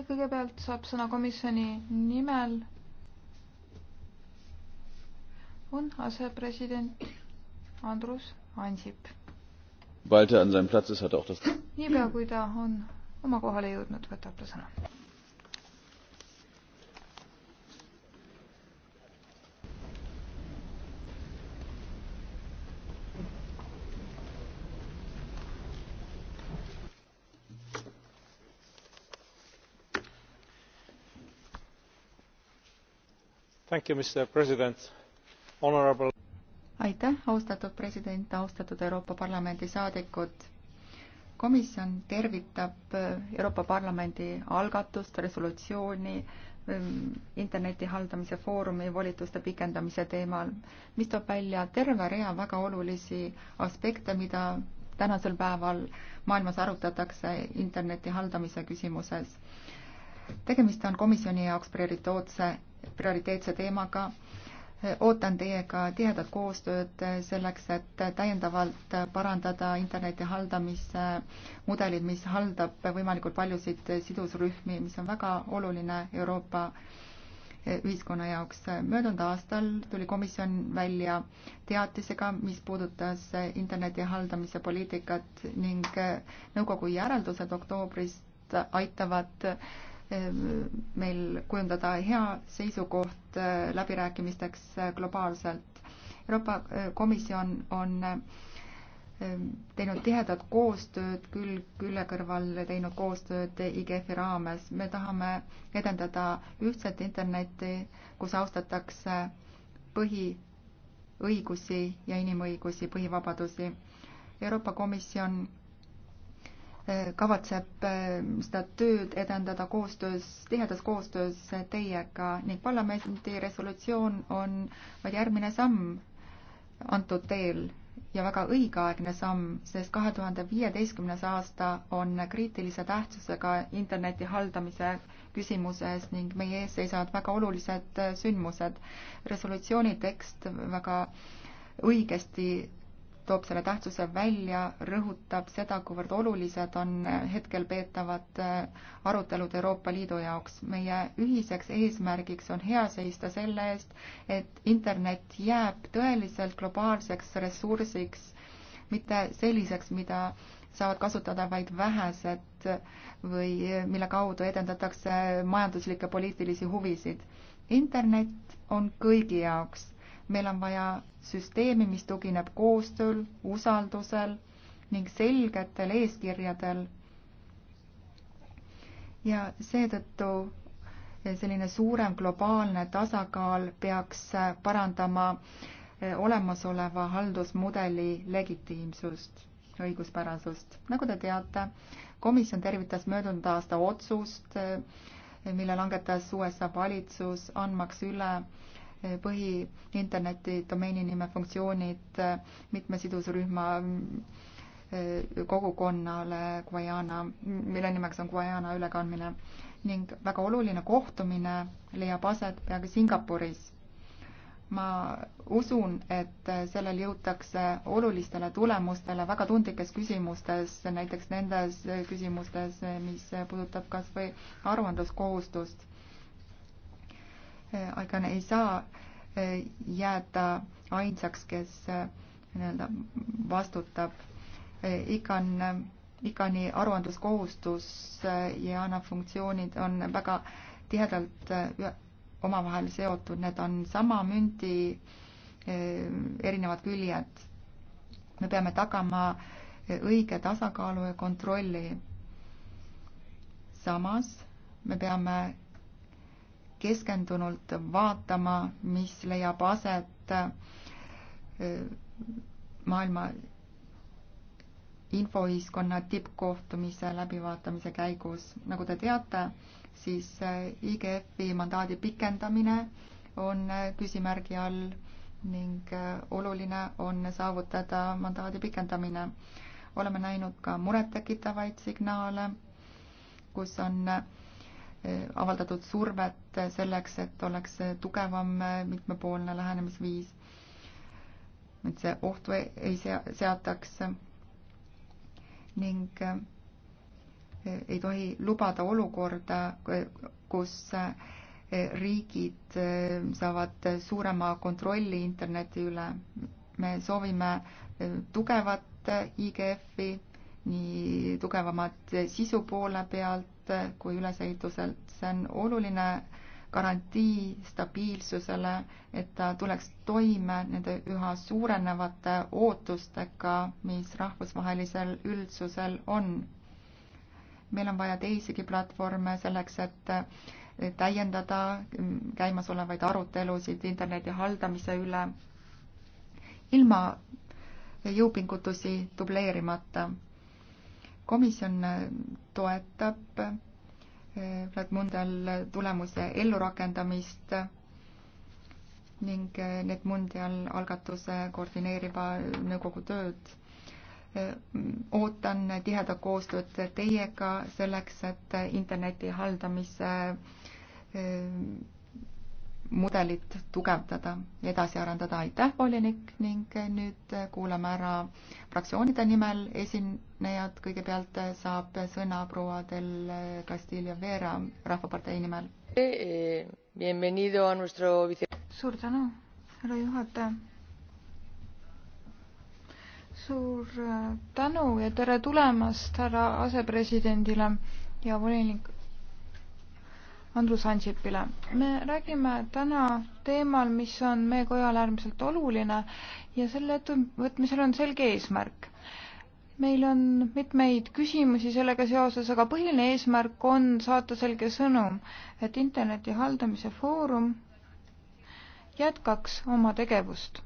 ja kõigepealt saab sõna komisjoni nimel on asepresident Andrus Ansip. Walter an seinem Platz ist, hat auch das. niipea kui ta on oma kohale jõudnud, võtab ta sõna Honorable... aitäh, austatud president, austatud Euroopa Parlamendi saadikud. komisjon tervitab äh, Euroopa Parlamendi algatust, resolutsiooni ähm, interneti haldamise foorumi volituste pikendamise teemal, mis toob välja terve rea väga olulisi aspekte, mida tänasel päeval maailmas arutatakse interneti haldamise küsimuses. tegemist on komisjoni jaoks prioriteetse prioriteetse teemaga. ootan teiega tihedat koostööd selleks, et täiendavalt parandada interneti haldamise mudelid, mis haldab võimalikult paljusid sidusrühmi, mis on väga oluline Euroopa ühiskonna jaoks. möödunud aastal tuli komisjon välja teatisega, mis puudutas interneti haldamise poliitikat ning nõukogu järeldused oktoobrist aitavad äh, meil kujundada hea seisukoht äh, läbirääkimisteks äh, globaalselt. Euroopa äh, Komisjon on ähm, teinud tihedat koostööd, küll külje kõrval teinud koostööd IGF-i raames. me tahame edendada ühtset internetti, kus austatakse põhiõigusi ja inimõigusi, põhivabadusi. Euroopa Komisjon Äh, kavatseb äh, seda tööd edendada koostöös, tihedas koostöös teiega ning parlamendi resolutsioon on vaid järgmine samm antud teel ja väga õigeaegne samm, sest kahe tuhande viieteistkümnes aasta on kriitilise tähtsusega interneti haldamise küsimuses ning meie ees seisavad väga olulised äh, sündmused. resolutsiooni tekst väga õigesti toob selle tähtsuse välja, rõhutab seda, kuivõrd olulised on äh, hetkel peetavad äh, arutelud Euroopa Liidu jaoks. meie ühiseks eesmärgiks on hea seista selle eest, et internet jääb tõeliselt globaalseks ressursiks, mitte selliseks, mida saavad kasutada vaid vähesed või äh, mille kaudu edendatakse majanduslikke poliitilisi huvisid. internet on kõigi jaoks meil on vaja süsteemi, mis tugineb koostööl, usaldusel ning selgetel eeskirjadel. ja seetõttu selline suurem globaalne tasakaal peaks parandama olemasoleva haldusmudeli legitiimsust, õiguspärasust. nagu te teate, komisjon tervitas möödunud aasta otsust, mille langetas USA valitsus, andmaks üle põhi interneti domeeninime funktsioonid mitme sidusrühma eh, kogukonnale Guajana, mille nimeks on Guajana ülekandmine ning väga oluline kohtumine leiab aset peaaegu Singapuris. ma usun, et sellel jõutakse olulistele tulemustele väga tundlikes küsimustes, näiteks nendes küsimustes, mis puudutab kas või aruandluskohustust Äh, aeg-ajalt ei saa äh, jääda ainsaks, kes äh, nii-öelda vastutab. igan, igani aruandluskohustus ja ANA funktsioonid on väga tihedalt omavahel seotud, need on sama mündi erinevad küljed. me peame tagama õige tasakaalu ja kontrolli. samas me peame keskendunult vaatama, mis leiab aset maailma infoühiskonna tippkohtumise läbivaatamise käigus. nagu te teate, siis IGF-i mandaadi pikendamine on küsimärgi all ning oluline on saavutada mandaadi pikendamine. oleme näinud ka murettekitavaid signaale, kus on Eh, avaldatud survet selleks, et oleks tugevam eh, mitmepoolne lähenemisviis, et see ohtu ei sea-, seataks ning eh, ei tohi lubada olukorda, kus riigid saavad suurema kontrolli interneti üle. me soovime tugevat IGF-i nii tugevamat sisu poole pealt kui ülesehituselt. see on oluline garantii stabiilsusele, et ta tuleks toime nende üha suurenevate ootustega, mis rahvusvahelisel üldsusel on. meil on vaja teisigi platvorme selleks, et täiendada käimasolevaid arutelusid interneti haldamise üle ilma jõupingutusi dubleerimata komisjon äh, toetab Fladmundial äh, tulemuse ellurakendamist ning äh, need Mundial algatuse koordineeriva nõukogu tööd. ootan tihedat koostööd teiega selleks, et interneti haldamise mudelit tugevdada ja edasi arendada. aitäh, volinik, ning nüüd kuulame ära fraktsioonide nimel esinejad. kõigepealt saab sõna proua del Castillo Vera Rahvapartei nimel. suur tänu, härra juhataja. suur tänu ja tere tulemast härra asepresidendile ja volinik Andrus Ansipile. me räägime täna teemal, mis on meie kojale äärmiselt oluline ja selle ettevõtmisel on selge eesmärk. meil on mitmeid küsimusi sellega seoses, aga põhiline eesmärk on saata selge sõnum, et interneti haldamise foorum jätkaks oma tegevust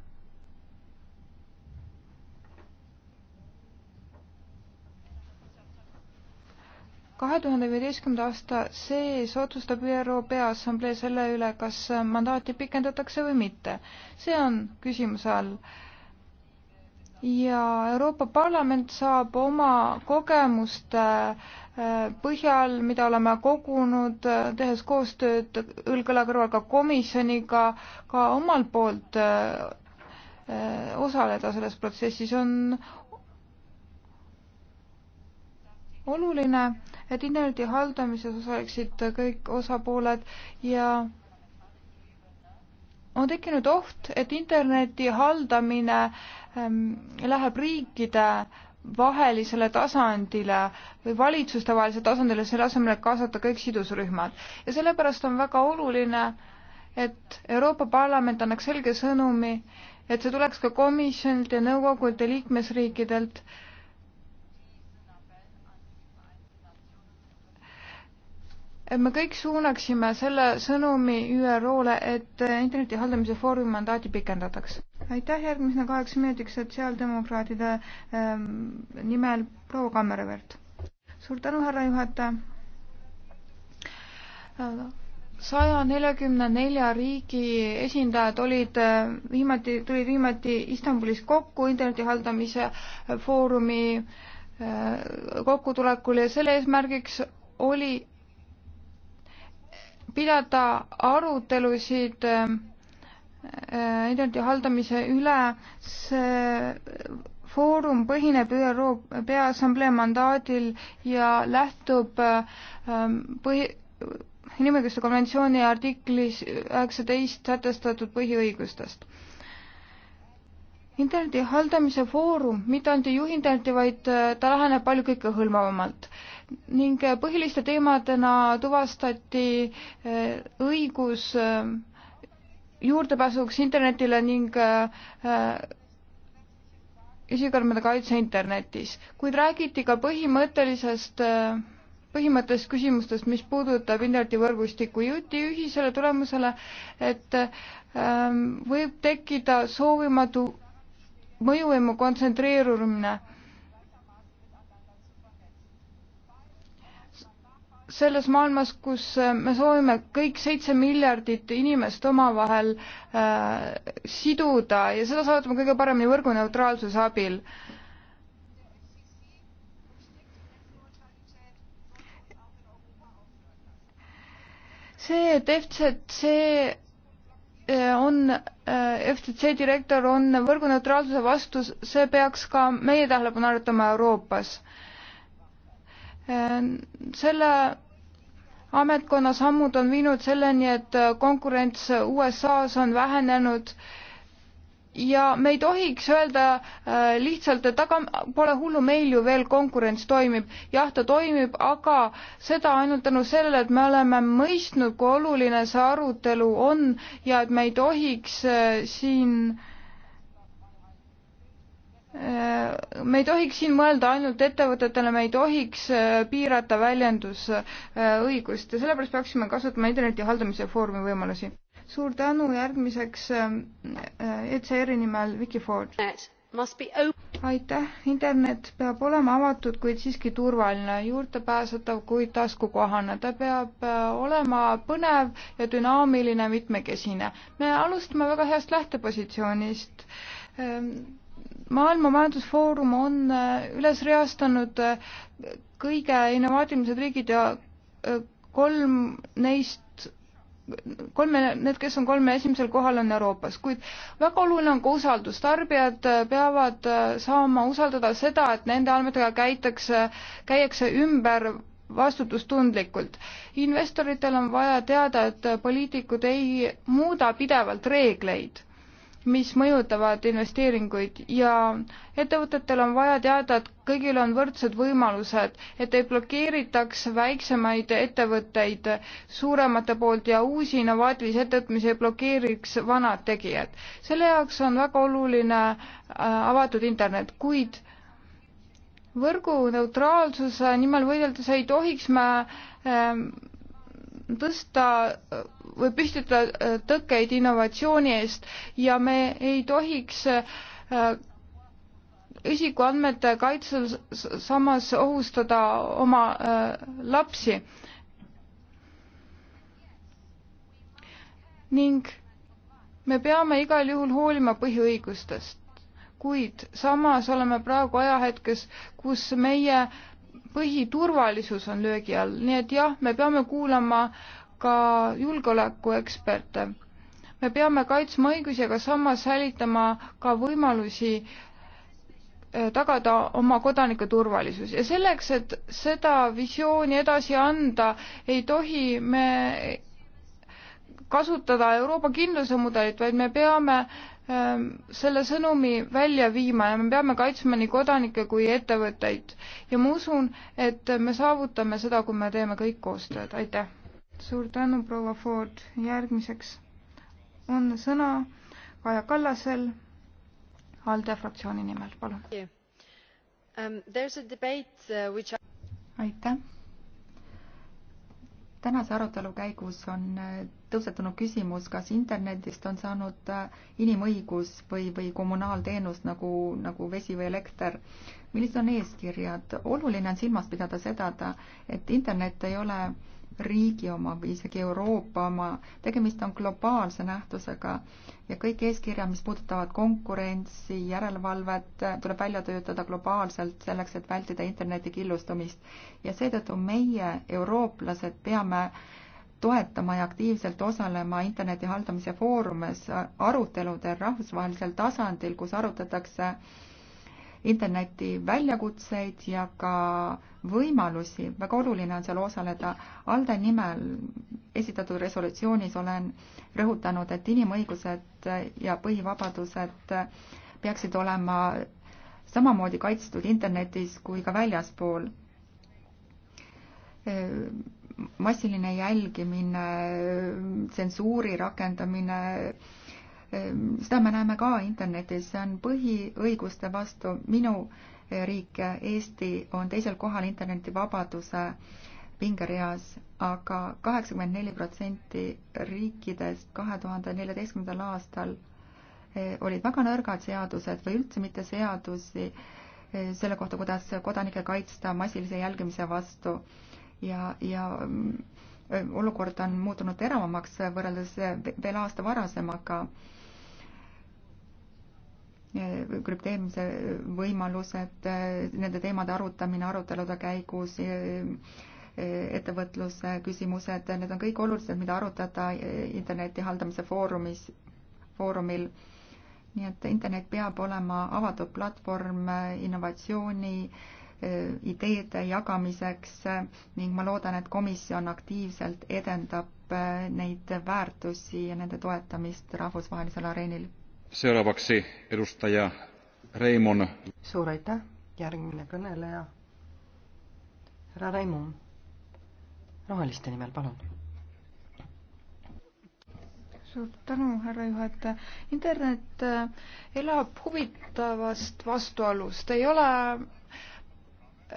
kahe tuhande viieteistkümnenda aasta sees otsustab ÜRO Peaassamblee selle üle, kas mandaati pikendatakse või mitte. see on küsimuse all. ja Euroopa Parlament saab oma kogemuste äh, põhjal, mida oleme kogunud, äh, tehes koostööd õlg-õla kõrval ka komisjoniga, ka omalt poolt äh, osaleda selles protsessis on oluline et interneti haldamises osaleksid kõik osapooled ja on tekkinud oht, et interneti haldamine ähm, läheb riikide vahelisele tasandile või valitsustevahelise tasandile, selle asemel, et kaasata kõik sidusrühmad. ja sellepärast on väga oluline, et Euroopa Parlament annaks selge sõnumi, et see tuleks ka komisjonilt ja nõukogult ja liikmesriikidelt äh, et me kõik suunaksime selle sõnumi ÜRO-le, et interneti haldamise foorumi mandaati pikendataks. aitäh, järgmisena kaheks minutiks sotsiaaldemokraatide ähm, nimel proua Kammervert. suur tänu, härra juhataja saja neljakümne nelja riigi esindajad olid äh, viimati, tulid viimati Istanbulis kokku interneti haldamise äh, foorumi äh, kokkutulekul ja selle eesmärgiks oli pidada arutelusid äh, äh, interneti haldamise üle, see foorum põhineb ÜRO Peaassamblee mandaadil ja lähtub äh, põhi, inimõiguste konventsiooni artiklis üheksateist sätestatud põhiõigustest interneti haldamise foorum mitte ainult ei juhi internetti, vaid äh, ta läheneb palju kõikehõlmavamalt ning äh, põhiliste teemadena tuvastati äh, õigus juurdepääsuks internetile ning isikuandmete kaitse internetis, kuid räägiti ka põhimõttelisest põhimõttest küsimustest, mis puudutab internetivõrgustikku, jõuti ühisele tulemusele, et võib tekkida soovimatu mõjuvõimu kontsentreerumine selles maailmas, kus äh, me soovime kõik seitse miljardit inimest omavahel äh, siduda ja seda saavutame kõige paremini võrguneutraalsuse abil. see, et FCC Äh, on äh, FTC direktor, on võrguneutraalsuse vastu, see peaks ka meie tähelepanu arutama Euroopas. Äh, selle ametkonna sammud on viinud selleni, et konkurents USA-s on vähenenud ja me ei tohiks öelda äh, lihtsalt, et aga pole hullu, meil ju veel konkurents toimib. jah, ta toimib, aga seda ainult tänu sellele, et me oleme mõistnud, kui oluline see arutelu on ja et me ei tohiks äh, siin äh, me ei tohiks siin mõelda ainult ettevõtetele, me ei tohiks piirata väljendusõigust ja sellepärast peaksime kasutama interneti haldamise foorumi võimalusi suur tänu, järgmiseks ähm, äh, ECR-i nimel Vicky Ford. aitäh, internet peab olema avatud, kuid siiski turvaline, juurdepääsetav, kuid taskukohane. ta peab äh, olema põnev ja dünaamiline, mitmekesine. me alustame väga heast lähtepositsioonist ähm, maailma Majandusfoorum on äh, üles reastanud kõige innovaatilised riigid ja kolm neist kolme, need, kes on kolme esimesel kohal, on Euroopas, kuid väga oluline on ka usaldus. tarbijad äh, peavad äh, saama usaldada seda, et nende andmetega käitakse, käiakse ümber vastutustundlikult. investoritel on vaja teada, et poliitikud ei muuda pidevalt reegleid mis mõjutavad investeeringuid ja ettevõtetel on vaja teada, et kõigil on võrdsed võimalused, et ei blokeeritaks väiksemaid ettevõtteid suuremate poolt ja uusi innovaatilisi ettevõtmisi ei blokeeriks vanad tegijad. selle jaoks on väga oluline äh, avatud internet, kuid võrgu neutraalsuse nimel võideldes ei tohiks me ähm, tõsta või püstitada äh, tõkkeid innovatsiooni eest ja me ei tohiks äh, isikuandmete kaitsel samas ohustada oma äh, lapsi. ning me peame igal juhul hoolima põhiõigustest, kuid samas oleme praegu ajahetkes, kus meie äh, põhiturvalisus on löögi all, nii et jah, me peame kuulama ka julgeolekueksperte. me peame kaitsma õigusi, aga samas säilitama ka võimalusi eh, tagada oma kodanike turvalisus ja selleks, et seda visiooni edasi anda, ei tohi me kasutada Euroopa kindluse mudelit, vaid me peame äh, Ähm, selle sõnumi välja viima ja me peame kaitsma nii kodanikke kui ettevõtteid. ja ma usun, et me saavutame seda, kui me teeme kõik koostööd, aitäh! suur tänu, proua Ford, järgmiseks on sõna Kaja Kallasel ALDE fraktsiooni nimel, palun! Um, uh, aitäh! tänase arutelu käigus on äh, tõusetunud küsimus, kas internetist on saanud äh, inimõigus või, või kommunaalteenus nagu, nagu vesi või elekter. millised on eeskirjad? oluline on silmas pidada seda, et internet ei ole riigi oma või isegi Euroopa oma, tegemist on globaalse nähtusega ja kõik eeskirjad, mis puudutavad konkurentsi, järelevalvet, tuleb välja töötada globaalselt selleks, et vältida interneti killustumist. ja seetõttu meie, eurooplased, peame toetama ja aktiivselt osalema interneti haldamise foorumis aruteludel rahvusvahelisel tasandil, kus arutatakse äh, interneti väljakutseid ja ka võimalusi. väga oluline on seal osaleda. ALDE nimel esitatud resolutsioonis olen rõhutanud, et inimõigused ja põhivabadused peaksid olema samamoodi kaitstud internetis kui ka väljaspool. massiline jälgimine, tsensuuri rakendamine seda me näeme ka internetis, see on põhiõiguste vastu. minu riik Eesti on teisel kohal internetivabaduse pingereas, aga kaheksakümmend neli protsenti riikidest kahe tuhande neljateistkümnendal aastal eh, olid väga nõrgad seadused või üldse mitte seadusi eh, selle kohta, kuidas kodanikke kaitsta massilise jälgimise vastu ja, ja mm, olukord on muutunud teravamaks võrreldes eh, veel aasta varasemaga Äh, krüpteerimise võimalused, äh, nende teemade arutamine arutelude käigus, äh, ettevõtluse küsimused, need on kõik olulised, mida arutada interneti haldamise foorumis, foorumil. nii et internet peab olema avatud platvorm innovatsiooni, ideede jagamiseks ning ma loodan, et komisjon aktiivselt edendab neid väärtusi ja nende toetamist rahvusvahelisel areenil seuraavaksi edustaja Reimon. suur aitäh, järgmine kõneleja. härra Reimon, roheliste nimel, palun. suur tänu, härra juhataja. internet äh, elab huvitavast vastuolust, ei ole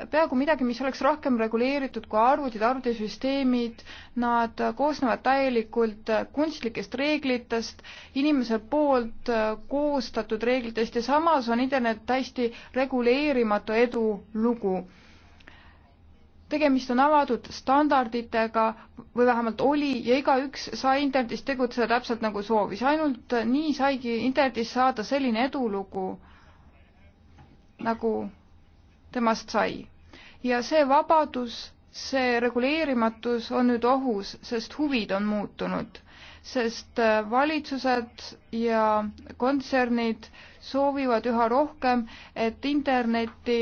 peaaegu midagi, mis oleks rohkem reguleeritud kui arvutid, arvutisüsteemid, nad koosnevad täielikult kunstlikest reeglitest, inimese poolt koostatud reeglitest ja samas on internet täiesti reguleerimatu edulugu. tegemist on avatud standarditega või vähemalt oli ja igaüks sai internetis tegutseda täpselt nagu soovis, ainult nii saigi internetis saada selline edulugu, nagu temast sai. ja see vabadus, see reguleerimatus on nüüd ohus, sest huvid on muutunud, sest äh, valitsused ja kontsernid soovivad üha rohkem, et internetti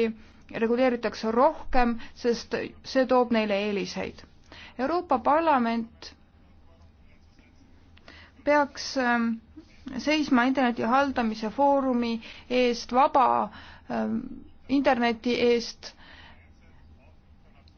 reguleeritakse rohkem, sest see toob neile eeliseid. Euroopa Parlament peaks ähm, seisma interneti haldamise foorumi eest vaba ähm, interneti eest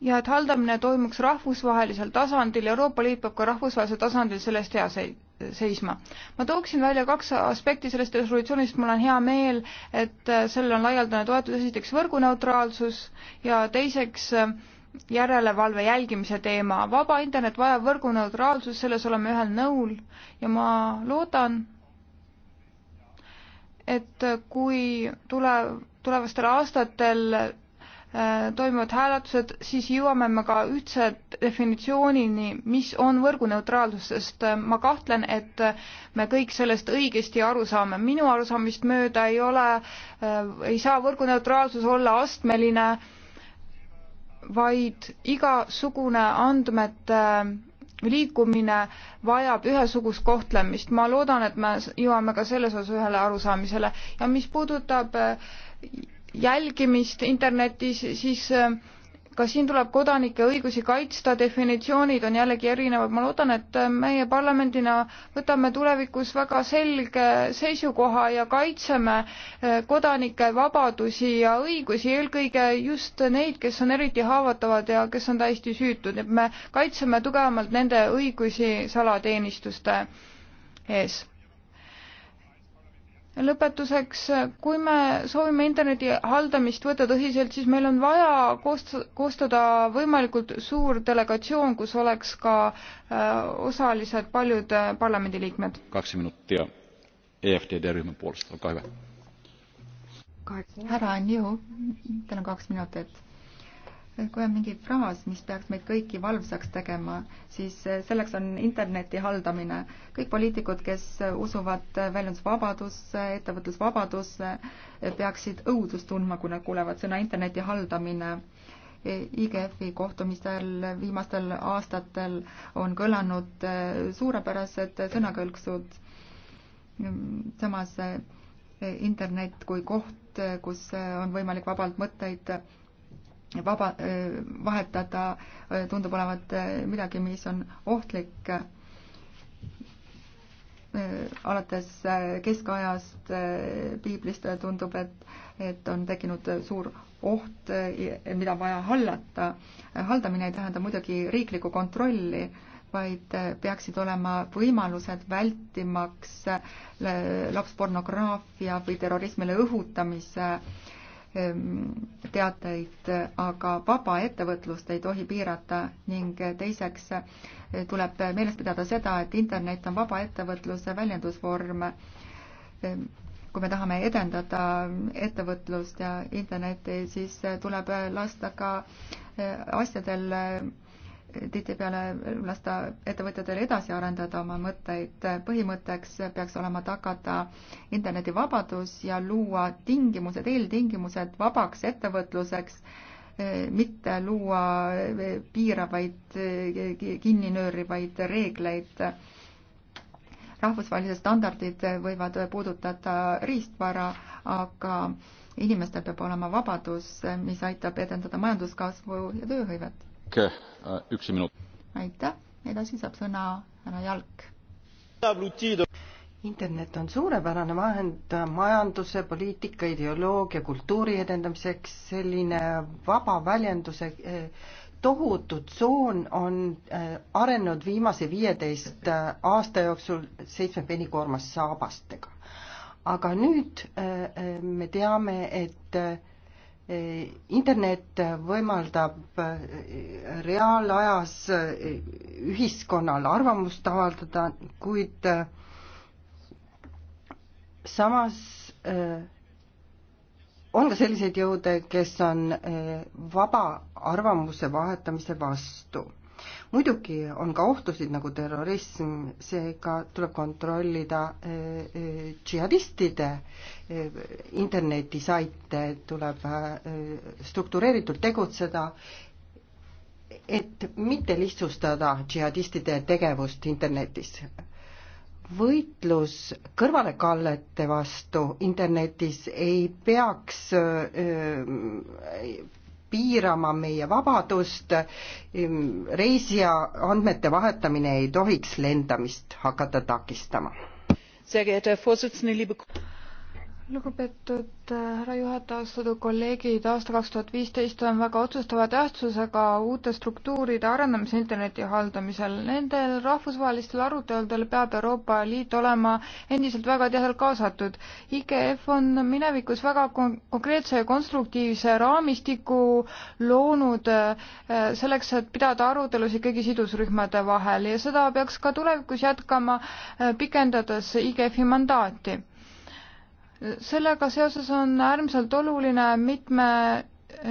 ja et haldamine toimuks rahvusvahelisel tasandil, Euroopa Liit peab ka rahvusvahelisel tasandil selle eest hea sei-, seisma. ma tooksin välja kaks aspekti sellest resolutsioonist, mul on hea meel, et sellel on laialdane toetus, esiteks võrguneutraalsus ja teiseks järelevalve jälgimise teema. vaba internet vajab võrguneutraalsust, selles oleme ühel nõul ja ma loodan, et kui tuleb tulevastel aastatel äh, toimuvad hääletused, siis jõuame me ka ühtse definitsioonini, mis on võrguneutraalsus, sest äh, ma kahtlen, et äh, me kõik sellest õigesti aru saame. minu arusaamist mööda ei ole, ei saa võrguneutraalsus olla astmeline, vaid igasugune andmete liikumine vajab ühesugust kohtlemist. ma loodan, et me jõuame ka selles osas ühele arusaamisele ja mis puudutab äh, jälgimist internetis, siis äh, ka siin tuleb kodanike õigusi kaitsta, definitsioonid on jällegi erinevad, ma loodan, et äh, meie parlamendina võtame tulevikus väga selge seisukoha ja kaitseme äh, kodanike vabadusi ja õigusi, eelkõige just neid, kes on eriti haavatavad ja kes on täiesti süütud, et me kaitseme tugevamalt nende õigusi salateenistuste ees lõpetuseks, kui me soovime interneti haldamist võtta tõsiselt, siis meil on vaja koost-, koostada võimalikult suur delegatsioon, kus oleks ka äh, osalised paljud äh, parlamendiliikmed. kaheksa minutit ja EFTD rühma poolest, olge hüva. härra Anju, teil on kaks minutit kui on mingi fraas, mis peaks meid kõiki valvsaks tegema, siis eh, selleks on interneti haldamine. kõik poliitikud, kes usuvad väljendusvabadusse, ettevõtlusvabadusse, eh, peaksid õudust tundma, kui nad kuulevad sõna interneti haldamine. E, IGF-i kohtumistel viimastel aastatel on kõlanud eh, suurepärased sõnakõlksud. Mm, samas internet kui koht, kus on võimalik vabalt mõtteid vaba, vahetada tundub olevat midagi, mis on ohtlik alates keskajast piiblist tundub, et, et on tekkinud suur oht, mida on vaja hallata. haldamine ei tähenda muidugi riiklikku kontrolli, vaid peaksid olema võimalused vältimaks lapspornograafia või terrorismile õhutamise äh, Ehm, teateid, aga vaba ettevõtlust ei tohi piirata ning teiseks eh, tuleb meeles pidada seda, et internet on vaba ettevõtluse väljendusvorm. Ehm, kui me tahame edendada ettevõtlust ja internetti, siis eh, tuleb lasta ka eh, asjadel tihtipeale lasta ettevõtjatel edasi arendada oma mõtteid. põhimõtteks peaks olema tagada internetivabadus ja luua tingimused, eeltingimused vabaks ettevõtluseks, mitte luua piiravaid, kinninöörivaid reegleid. rahvusvahelised standardid võivad puudutada riistvara, aga inimestel peab olema vabadus, mis aitab edendada majanduskasvu ja tööhõivet Äh, aitäh, edasi saab sõna härra Jalk. internet on suurepärane vahend majanduse, poliitika, ideoloogia, kultuuri edendamiseks, selline vaba väljenduse eh, tohutu tsoon on eh, arenenud viimase viieteist eh, aasta jooksul seitsme penikoormas saabastega. aga nüüd me teame, et internet võimaldab äh, reaalajas äh, ühiskonnal arvamust avaldada, kuid äh, samas on ka selliseid jõude, kes on vaba arvamuse vahetamise vastu muidugi on ka ohtusid nagu terrorism, seega tuleb kontrollida eh, eh, džihadistide eh, internetisaite, tuleb struktureeritult tegutseda, et mitte lihtsustada džihadistide tegevust internetis võitlus kõrvalekallete vastu internetis ei peaks piirama meie vabadust. Ehm, reisija andmete vahetamine ei tohiks lendamist hakata takistama lugupeetud äh, härra juhataja, austatud kolleegid, aasta kaks tuhat viisteist on väga otsustava tähtsusega uute struktuuride arendamise interneti haldamisel. Nendel rahvusvahelistel aruteludel peab Euroopa Liit olema endiselt väga tihedalt kaasatud. IGF on minevikus väga kon-, konkreetse ja konstruktiivse raamistiku loonud äh, selleks, et pidada arutelusid kõigi sidusrühmade vahel ja seda peaks ka tulevikus jätkama, äh, pikendades IGF-i mandaati sellega seoses on äärmiselt oluline mitme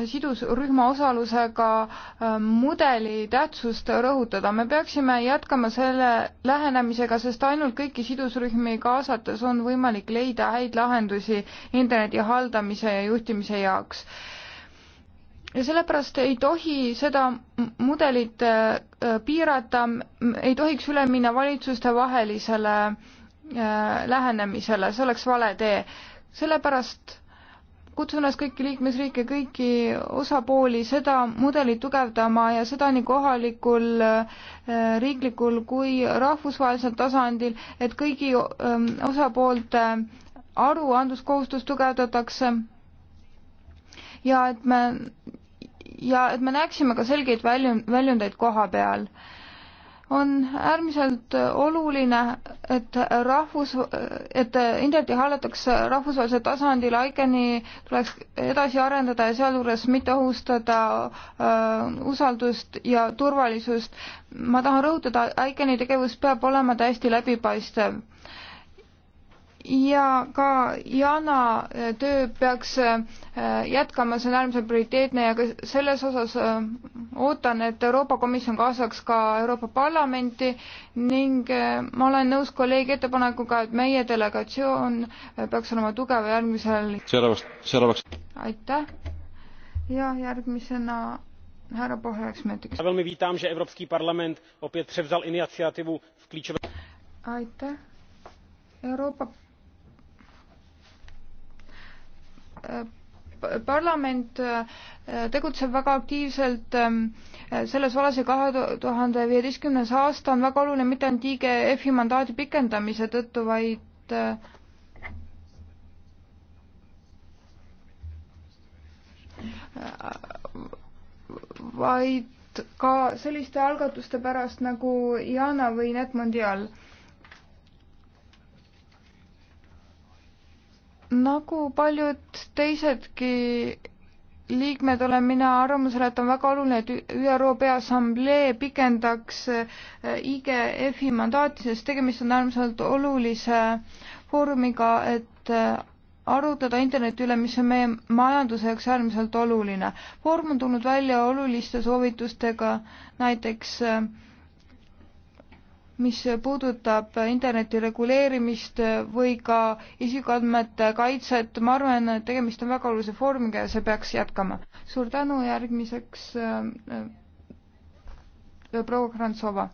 sidusrühma osalusega äh, mudeli tähtsust rõhutada. me peaksime jätkama selle lähenemisega, sest ainult kõiki sidusrühmi kaasates on võimalik leida häid lahendusi interneti haldamise ja juhtimise jaoks. ja sellepärast ei tohi seda mudelit äh, piirata, ei tohiks üle minna valitsustevahelisele Äh, lähenemisele, see oleks vale tee. sellepärast kutsun üles kõiki liikmesriike, kõiki osapooli seda mudelit tugevdama ja seda nii kohalikul, äh, riiklikul kui rahvusvahelisel tasandil, et kõigi ähm, osapoolte aruandluskohustus tugevdatakse ja et me, ja et me näeksime ka selgeid väljund, väljundeid koha peal on äärmiselt oluline, et rahvus, et Indreti hallatakse rahvusvahelisel tasandil, ICAN-i tuleks edasi arendada ja sealjuures mitte ohustada äh, usaldust ja turvalisust. ma tahan rõhutada, ICAN-i tegevus peab olema täiesti läbipaistev äh, ja ka Jana äh, töö peaks äh, jätkama, see on äärmiselt prioriteetne ja ka selles osas äh, ootan, et Euroopa Komisjon kaasaks ka Euroopa Parlamenti ning ma olen nõus kolleegi ettepanekuga, et meie delegatsioon peaks olema tugev järgmisel Seravaks. aitäh ja järgmisena härra Pohja, üks minutiks. ma väga viitan, et Euroopa Parlament opet prevzal initsiatiivu. aitäh. Euroopa parlament äh, tegutseb väga aktiivselt ähm, selles vallas ja kahe tuhande viieteistkümnes aasta on väga oluline mitte ainult IGF-i mandaadi pikendamise tõttu, vaid äh, vaid ka selliste algatuste pärast nagu Jana või Net Mondial nagu paljud teisedki liikmed olen mina arvamusel, et on väga oluline, et ÜRO Peaassamblee pikendaks äh, IGF-i mandaati, sest tegemist on äärmiselt olulise foorumiga, et äh, arutada interneti üle, mis on meie majanduse jaoks äärmiselt oluline. foorum on tulnud välja oluliste soovitustega, näiteks äh, mis puudutab interneti reguleerimist või ka isikuandmete kaitset, ma arvan, et tegemist on väga olulise foorumiga ja see peaks jätkama. suur tänu, järgmiseks äh, äh, proua Grantsova.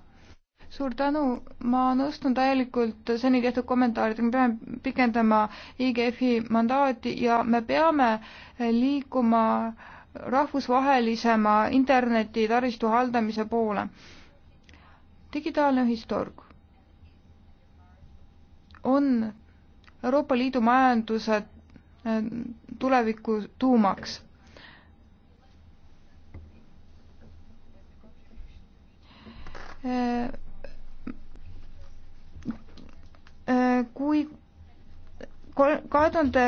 suur tänu, ma nõustun täielikult seni tehtud kommentaaridega, me peame pikendama IGF-i mandaati ja me peame liikuma rahvusvahelisema internetitaristu haldamise poole digitaalne ühisturg on Euroopa Liidu majanduse äh, tuleviku tuumaks. Äh, äh, kui kahe tuhande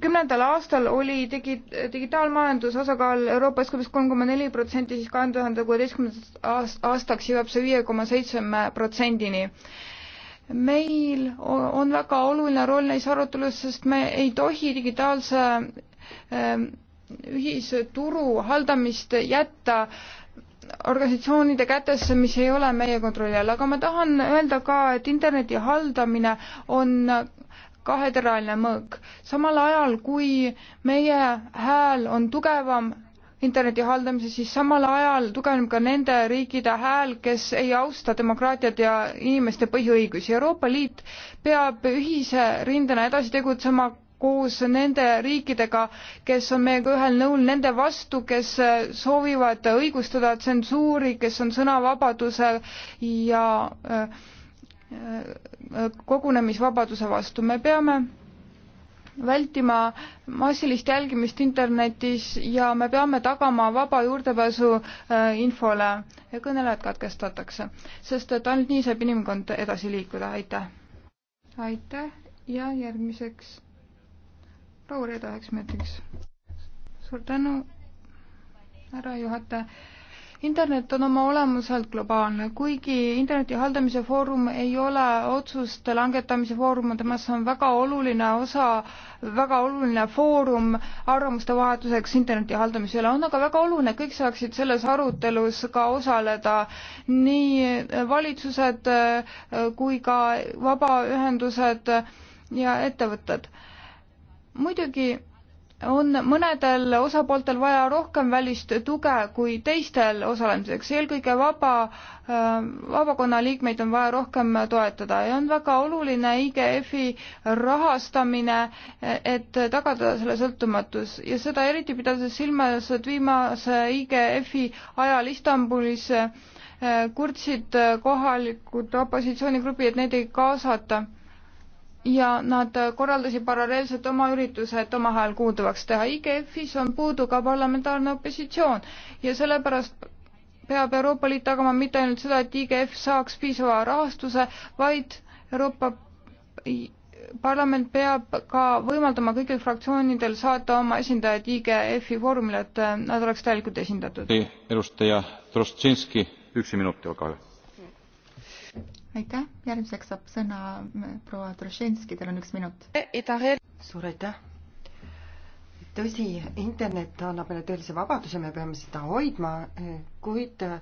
kümnendal aastal oli digi-, digitaalmajanduse osakaal Euroopa SKP-st kolm koma neli protsenti, siis kahe tuhande kuueteistkümnendaks aastaks jõuab see viie koma seitsme protsendini. meil on väga oluline roll neis arutelus, sest me ei tohi digitaalse ähm, ühisturu haldamist jätta organisatsioonide kätesse, mis ei ole meie kontrolli all, aga ma tahan öelda ka, et interneti haldamine on kaheteraline mõõk. samal ajal, kui meie hääl on tugevam interneti haldamise, siis samal ajal tugevneb ka nende riikide hääl, kes ei austa demokraatiat ja inimeste põhiõigusi. Euroopa Liit peab ühise rindena edasi tegutsema koos nende riikidega, kes on meiega ühel nõul, nende vastu, kes soovivad õigustada tsensuuri, kes on sõnavabaduse ja äh, kogunemisvabaduse vastu. me peame vältima massilist jälgimist internetis ja me peame tagama vaba juurdepääsu äh, infole ja kõnelejad katkestatakse, sest et ainult nii saab inimkond edasi liikuda, aitäh. aitäh ja järgmiseks proua Reeda üheks minutiks. suur tänu, härra juhataja internet on oma olemuselt globaalne, kuigi interneti haldamise foorum ei ole otsuste langetamise foorum, temast on väga oluline osa, väga oluline foorum arvamuste vahetuseks interneti haldamise üle, on aga väga oluline, kõik saaksid selles arutelus ka osaleda, nii valitsused eh, kui ka vabaühendused ja ettevõtted. muidugi on mõnedel osapooltel vaja rohkem välist tuge kui teistel osalemiseks, eelkõige vaba, ähm, vabakonna liikmeid on vaja rohkem toetada ja on väga oluline IGF-i rahastamine, et tagada selle sõltumatus ja seda eriti pidades silmas, et viimase IGF-i ajal Istanbulis äh, kurtsid kohalikud opositsioonigrupi, et neid ei kaasata ja nad korraldasid paralleelselt oma ürituse, et omavahel kuulduvaks teha. IGF-is on puudu ka parlamentaarne opositsioon ja sellepärast peab Euroopa Liit tagama mitte ainult seda, et IGF saaks piisava rahastuse, vaid Euroopa parlament peab ka võimaldama kõigil fraktsioonidel saata oma esindajad IGF-i foorumile, et nad oleks täielikult esindatud. edustaja Trostšinski, üks minut, olge hea aitäh, järgmiseks saab sõna mm, proua Trošenski, teil on üks minut. suur aitäh. tõsi, internet annab meile tõelise vabaduse, me peame seda hoidma, kuid äh,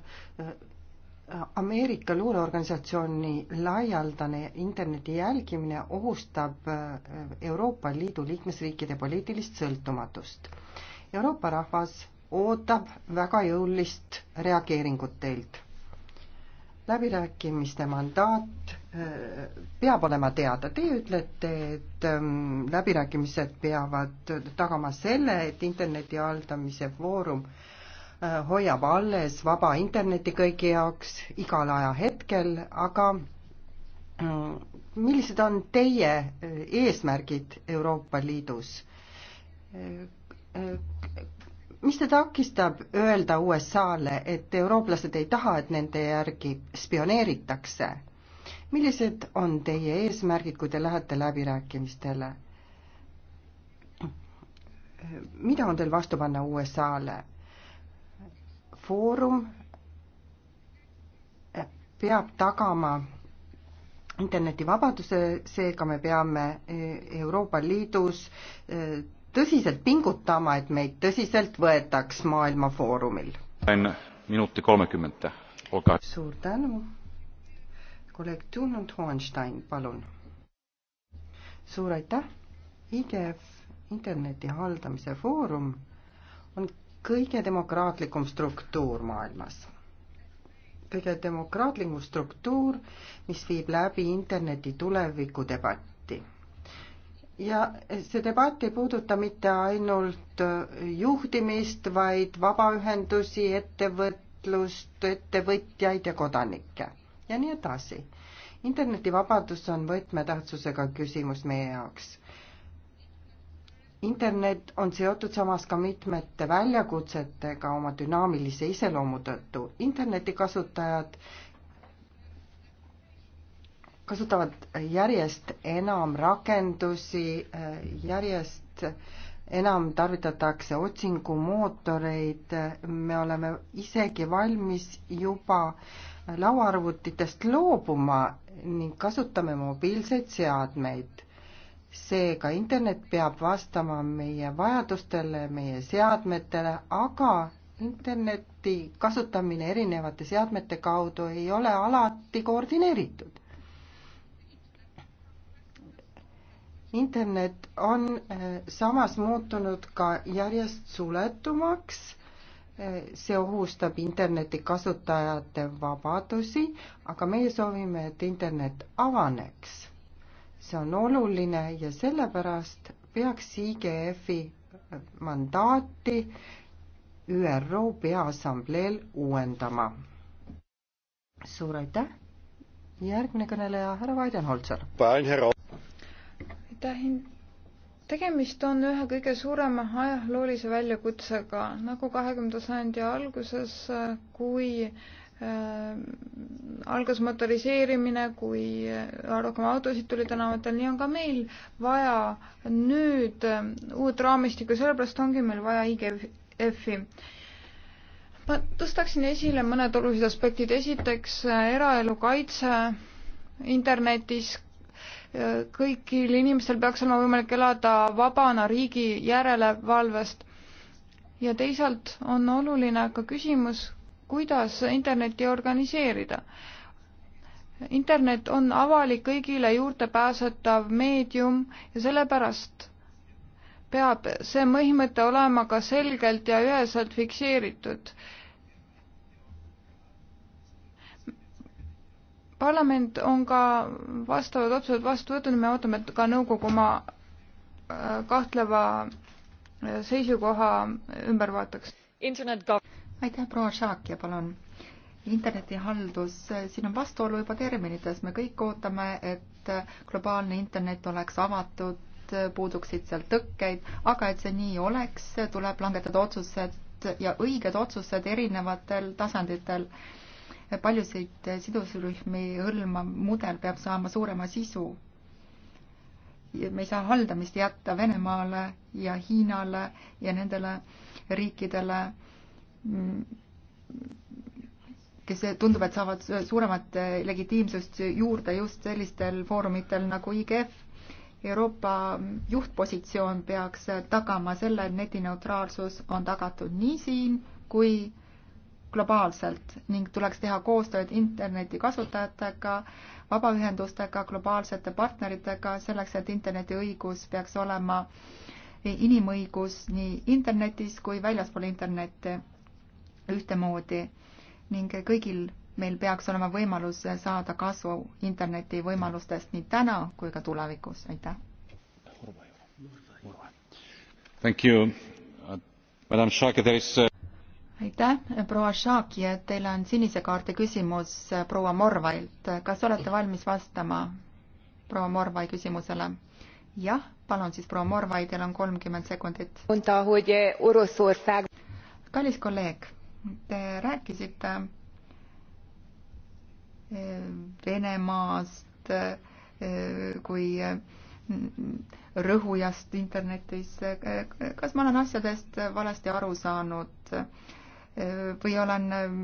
Ameerika luureorganisatsiooni laialdane interneti jälgimine ohustab äh, Euroopa Liidu liikmesriikide poliitilist sõltumatust. Euroopa rahvas ootab väga jõulist reageeringut teilt läbirääkimiste mandaat äh, peab olema teada. Teie ütlete, et ähm, läbirääkimised peavad tagama selle, et interneti haldamise foorum äh, hoiab alles vaba interneti kõigi jaoks igal ajahetkel, aga mm, millised on teie äh, eesmärgid Euroopa Liidus? mis te takistab öelda USA-le, et eurooplased ei taha, et nende järgi spioneeritakse? millised on teie eesmärgid, kui te lähete läbirääkimistele? mida on teil vastu panna USA-le? Foorum peab tagama internetivabaduse, seega me peame Euroopa Liidus eh, tõsiselt pingutama, et meid tõsiselt võetaks Maailma Foorumil. minuti kolmekümmend, olge hea. suur tänu. kolleeg Tunnud Hohenstein, palun. suur aitäh. IGF, interneti haldamise foorum, on kõige demokraatlikum struktuur maailmas kõige demokraatlikum struktuur, mis viib läbi interneti tuleviku debatti ja see debatt ei puuduta mitte ainult äh, juhtimist, vaid vabaühendusi, ettevõtlust, ettevõtjaid ja kodanikke ja nii edasi. internetivabadus on võtmetähtsusega küsimus meie jaoks internet on seotud samas ka mitmete väljakutsetega oma dünaamilise iseloomu tõttu. interneti kasutajad kasutavad järjest enam rakendusi, järjest enam tarvitatakse otsingumootoreid, me oleme isegi valmis juba lauaarvutitest loobuma ning kasutame mobiilseid seadmeid. seega internet peab vastama meie vajadustele, meie seadmetele, aga interneti kasutamine erinevate seadmete kaudu ei ole alati koordineeritud internet on eh, samas muutunud ka järjest suletumaks, eh, see ohustab interneti kasutajate vabadusi, aga meie soovime, et internet avaneks. see on oluline ja sellepärast peaks IGF-i eh, mandaati ÜRO Peaassambleel uuendama. suur aitäh, järgmine kõneleja, härra Weidenholzer aitäh. tegemist on ühe kõige suurema ajaloolise väljakutsega, nagu kahekümnenda sajandi alguses, kui äh, algas motoriseerimine, kui äh, rohkem autosid tuli tänavatel, nii on ka meil vaja nüüd äh, uut raamistikku, sellepärast ongi meil vaja IGF-i. ma tõstaksin esile mõned olulised aspektid, esiteks äh, eraelu kaitse internetis kõikil inimestel peaks olema võimalik elada vabana riigi järelevalvest. ja teisalt on oluline ka küsimus, kuidas Internetti organiseerida. internet on avalik kõigile juurdepääsetav meedium ja sellepärast peab see põhimõte olema ka selgelt ja üheselt fikseeritud parlament on ka vastavad otsused vastu võtnud, me ootame ka nõukogu oma äh, kahtleva äh, seisukoha ümber vaataks. aitäh, proua Šaak ja palun. internetihaldus, äh, siin on vastuolu juba terminites, me kõik ootame, et globaalne internet oleks avatud, puuduksid seal tõkkeid, aga et see nii oleks, tuleb langetada otsused ja õiged otsused erinevatel tasanditel paljusid sidusrühmi hõlmav mudel peab saama suurema sisu. me ei saa haldamist jätta Venemaale ja Hiinale ja nendele riikidele, kes tundub, et saavad suuremat legitiimsust juurde just sellistel foorumitel nagu IGF. Euroopa juhtpositsioon peaks tagama selle, et netineutraalsus on tagatud nii siin kui globaalselt ning tuleks teha koostööd interneti kasutajatega, vabaühendustega, globaalsete partneritega selleks, et internetiõigus peaks olema inimõigus nii internetis kui väljaspool internetti ühtemoodi ning kõigil meil peaks olema võimalus saada kasu interneti võimalustest nii täna kui ka tulevikus, aitäh. Thank you uh,. Madam Schake, there is uh aitäh, proua Šaki, et teil on sinise kaardi küsimus proua Morvailt. kas olete valmis vastama proua Morvai küsimusele? jah, palun siis proua Morvai, teil on kolmkümmend sekundit. kallis kolleeg, te rääkisite eh, Venemaast eh, kui mm, rõhujast internetis. Eh, kas ma olen asjadest valesti aru saanud? või olen ähm,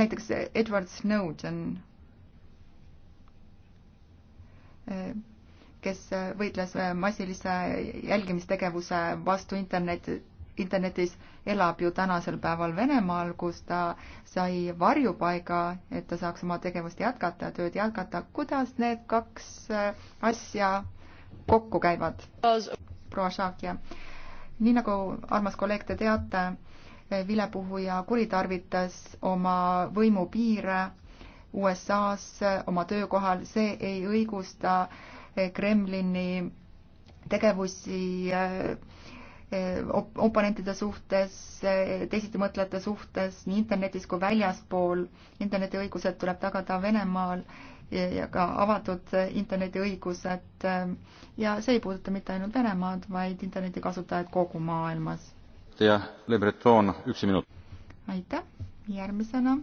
näiteks Edward Snowden, äh, kes äh, võitles äh, massilise jälgimistegevuse vastu interneti, internetis, elab ju tänasel päeval Venemaal, kus ta sai varjupaiga, et ta saaks oma tegevust jätkata, tööd jätkata. kuidas need kaks asja kokku käivad? proua Šakja, nii nagu armas kolleeg, te teate, vilepuhuja kuritarvitas oma võimupiire USA-s oma töökohal, see ei õigusta eh, Kremlini tegevusi eh, op oponentide suhtes, eh, teisitimõtlejate suhtes nii internetis kui väljaspool. internetiõigused tuleb tagada Venemaal ja ka avatud internetiõigused ja see ei puuduta mitte ainult Venemaad, vaid internetikasutajaid kogu maailmas sõnavõtja Le Breton, üks minut. aitäh, järgmisena.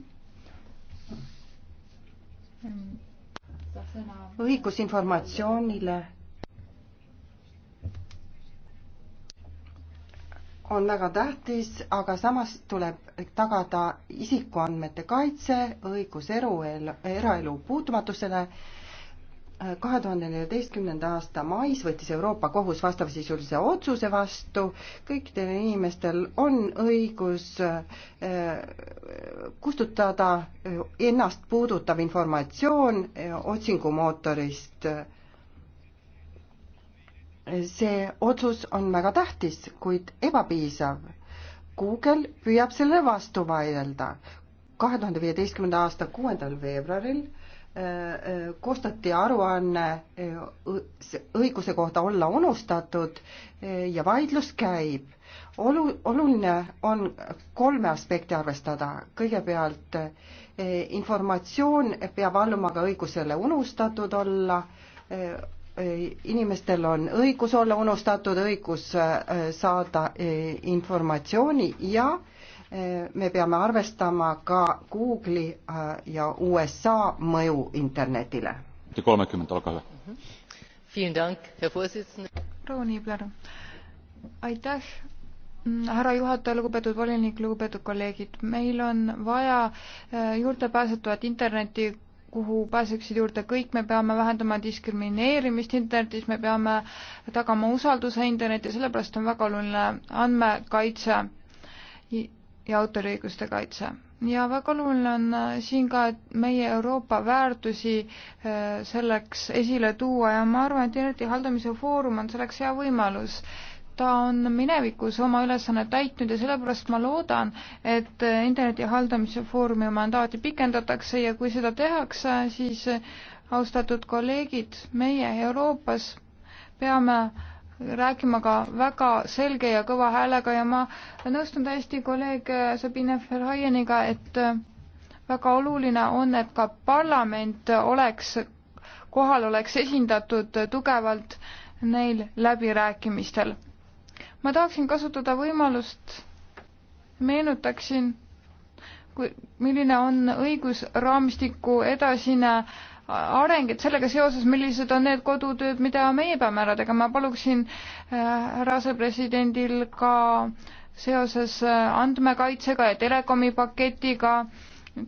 õigus informatsioonile on väga tähtis, aga samas tuleb tagada isikuandmete kaitse, õigus eru, eraelu puutumatusele kahe tuhande neljateistkümnenda aasta mais võttis Euroopa Kohus vastavasisulise otsuse vastu, kõikidel inimestel on õigus eh, kustutada eh, ennast puudutav informatsioon eh, otsingumootorist. see otsus on väga tähtis, kuid ebapiisav. Google püüab sellele vastu vaielda. kahe tuhande viieteistkümnenda aasta kuuendal veebruaril koostati aruanne õiguse kohta olla unustatud ja vaidlus käib. olu-, oluline on kolme aspekti arvestada. kõigepealt informatsioon peab alluma ka õigusele unustatud olla, inimestel on õigus olla unustatud, õigus saada informatsiooni ja äh, me peame arvestama ka Google'i äh, ja USA mõju internetile. kolmekümmend, olge hüve. proua Niibler, aitäh mm, härra juhataja, lugupeetud volinik, lugupeetud kolleegid, meil on vaja äh, juurdepääsetavat internetti, kuhu pääseksid juurde kõik, me peame vähendama diskrimineerimist internetis, me peame tagama usalduse internetti, sellepärast on väga oluline andmekaitse ja autoriõiguste kaitse. ja väga oluline on äh, siin ka meie Euroopa väärtusi äh, selleks esile tuua ja ma arvan, et interneti haldamise foorum on selleks hea võimalus. ta on minevikus oma ülesannet täitnud ja sellepärast ma loodan, et interneti äh, haldamise foorumi mandaati pikendatakse ja kui seda tehakse, siis austatud kolleegid, meie Euroopas peame rääkima ka väga selge ja kõva häälega ja ma nõustun täiesti kolleeg Sabine Verhaieniga, et äh, väga oluline on, et ka parlament oleks, kohal oleks esindatud tugevalt neil läbirääkimistel. ma tahaksin kasutada võimalust, meenutaksin, milline on õigusraamistiku edasine äh, areng, et sellega seoses, millised on need kodutööd, mida meie peame ära tegema, paluksin härra äh, asepresidendil ka seoses äh, andmekaitsega ja telekomi paketiga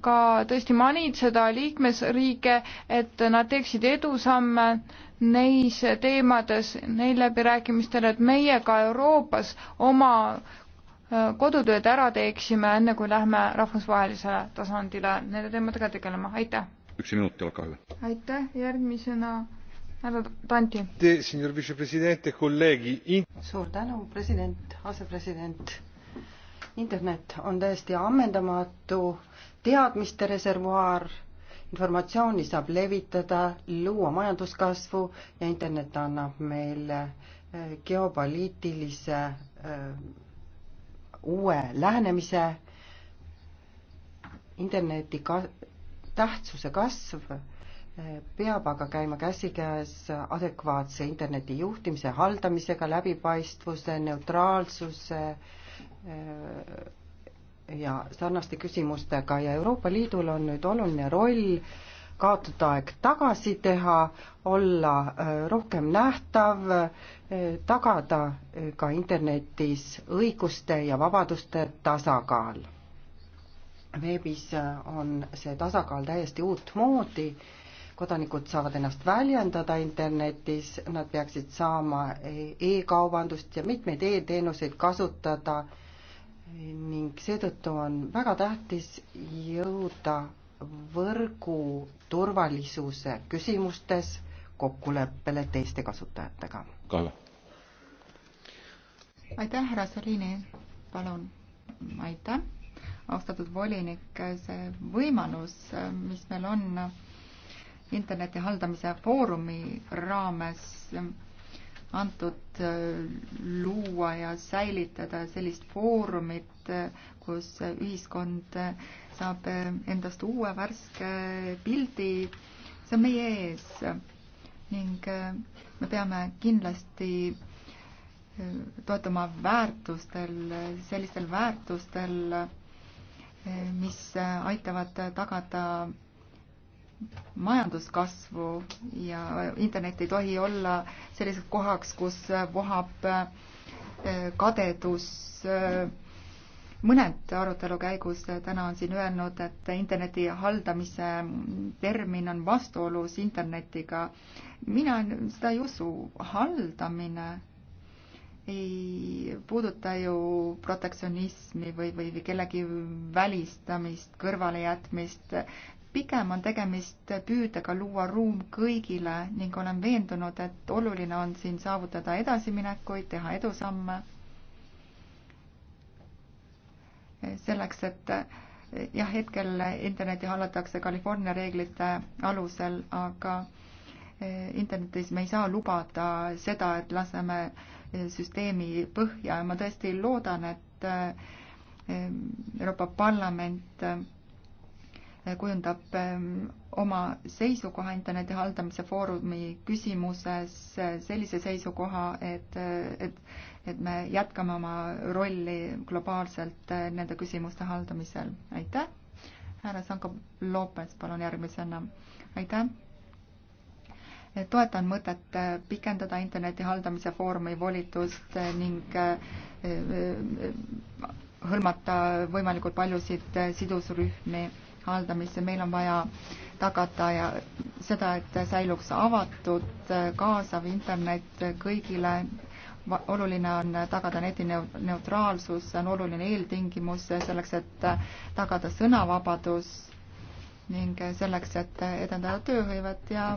ka tõesti manitseda liikmesriike, et nad teeksid edusamme neis teemades, neil läbirääkimistel, et meie ka Euroopas oma äh, kodutööd ära teeksime, enne kui lähme rahvusvahelisele tasandile nende teemadega tegelema, aitäh! üks minut, olge hea. aitäh, järgmisena härra Tanti. suur tänu, president, asepresident. internet on täiesti ammendamatu teadmiste reservuaar, informatsiooni saab levitada, luua majanduskasvu ja internet annab meile eh, geopoliitilise eh, uue lähenemise interneti ka-, tähtsuse kasv eh, peab aga käima käsikäes adekvaatse interneti juhtimise, haldamisega, läbipaistvuse, neutraalsuse eh, ja sarnaste küsimustega ja Euroopa Liidul on nüüd oluline roll kaotada aeg tagasi teha, olla eh, rohkem nähtav, tagada ka internetis õiguste ja vabaduste tasakaal veebis äh, on see tasakaal täiesti uutmoodi, kodanikud saavad ennast väljendada internetis, nad peaksid saama e-kaubandust ja mitmeid e-teenuseid kasutada ning seetõttu on väga tähtis jõuda võrgu turvalisuse küsimustes kokkuleppele teiste kasutajatega. Kalle. aitäh, härra Salini, palun, aitäh austatud volinik, see võimalus, mis meil on interneti haldamise foorumi raames antud luua ja säilitada sellist foorumit, kus ühiskond saab endast uue värske pildi, see on meie ees ning me peame kindlasti toetuma väärtustel, sellistel väärtustel, mis äh, aitavad tagada majanduskasvu ja äh, internet ei tohi olla selliseks kohaks, kus äh, vohab kadedus. mõned arutelu käigus täna on siin öelnud, et interneti haldamise termin on vastuolus internetiga. mina seda ei usu, haldamine ei puuduta ju protektsionismi või, või kellegi välistamist, kõrvalejätmist. pigem on tegemist püüdega luua ruum kõigile ning olen veendunud, et oluline on siin saavutada edasiminekuid, teha edusamme. selleks, et jah, hetkel interneti hallatakse California reeglite alusel, aga internetis me ei saa lubada seda, et laseme äh, süsteemi põhja ja ma tõesti loodan, et eh, Euroopa Parlament eh, kujundab eh, oma seisukoha interneti haldamise foorumi küsimuses sellise seisukoha, et, et, et me jätkame oma rolli globaalselt nende küsimuste haldamisel. aitäh! härra Sanko Loopes, palun järgmisena. aitäh! toetan mõtet äh, pikendada interneti haldamise foorumi volitust äh, ning äh, hõlmata võimalikult paljusid sidusrühmi haldamisse. meil on vaja tagada ja seda, et säiluks avatud kaasav internet kõigile. oluline on tagada netineutraalsus, see on oluline eeltingimus selleks, et tagada sõnavabadus ning selleks, et edendada tööhõivet ja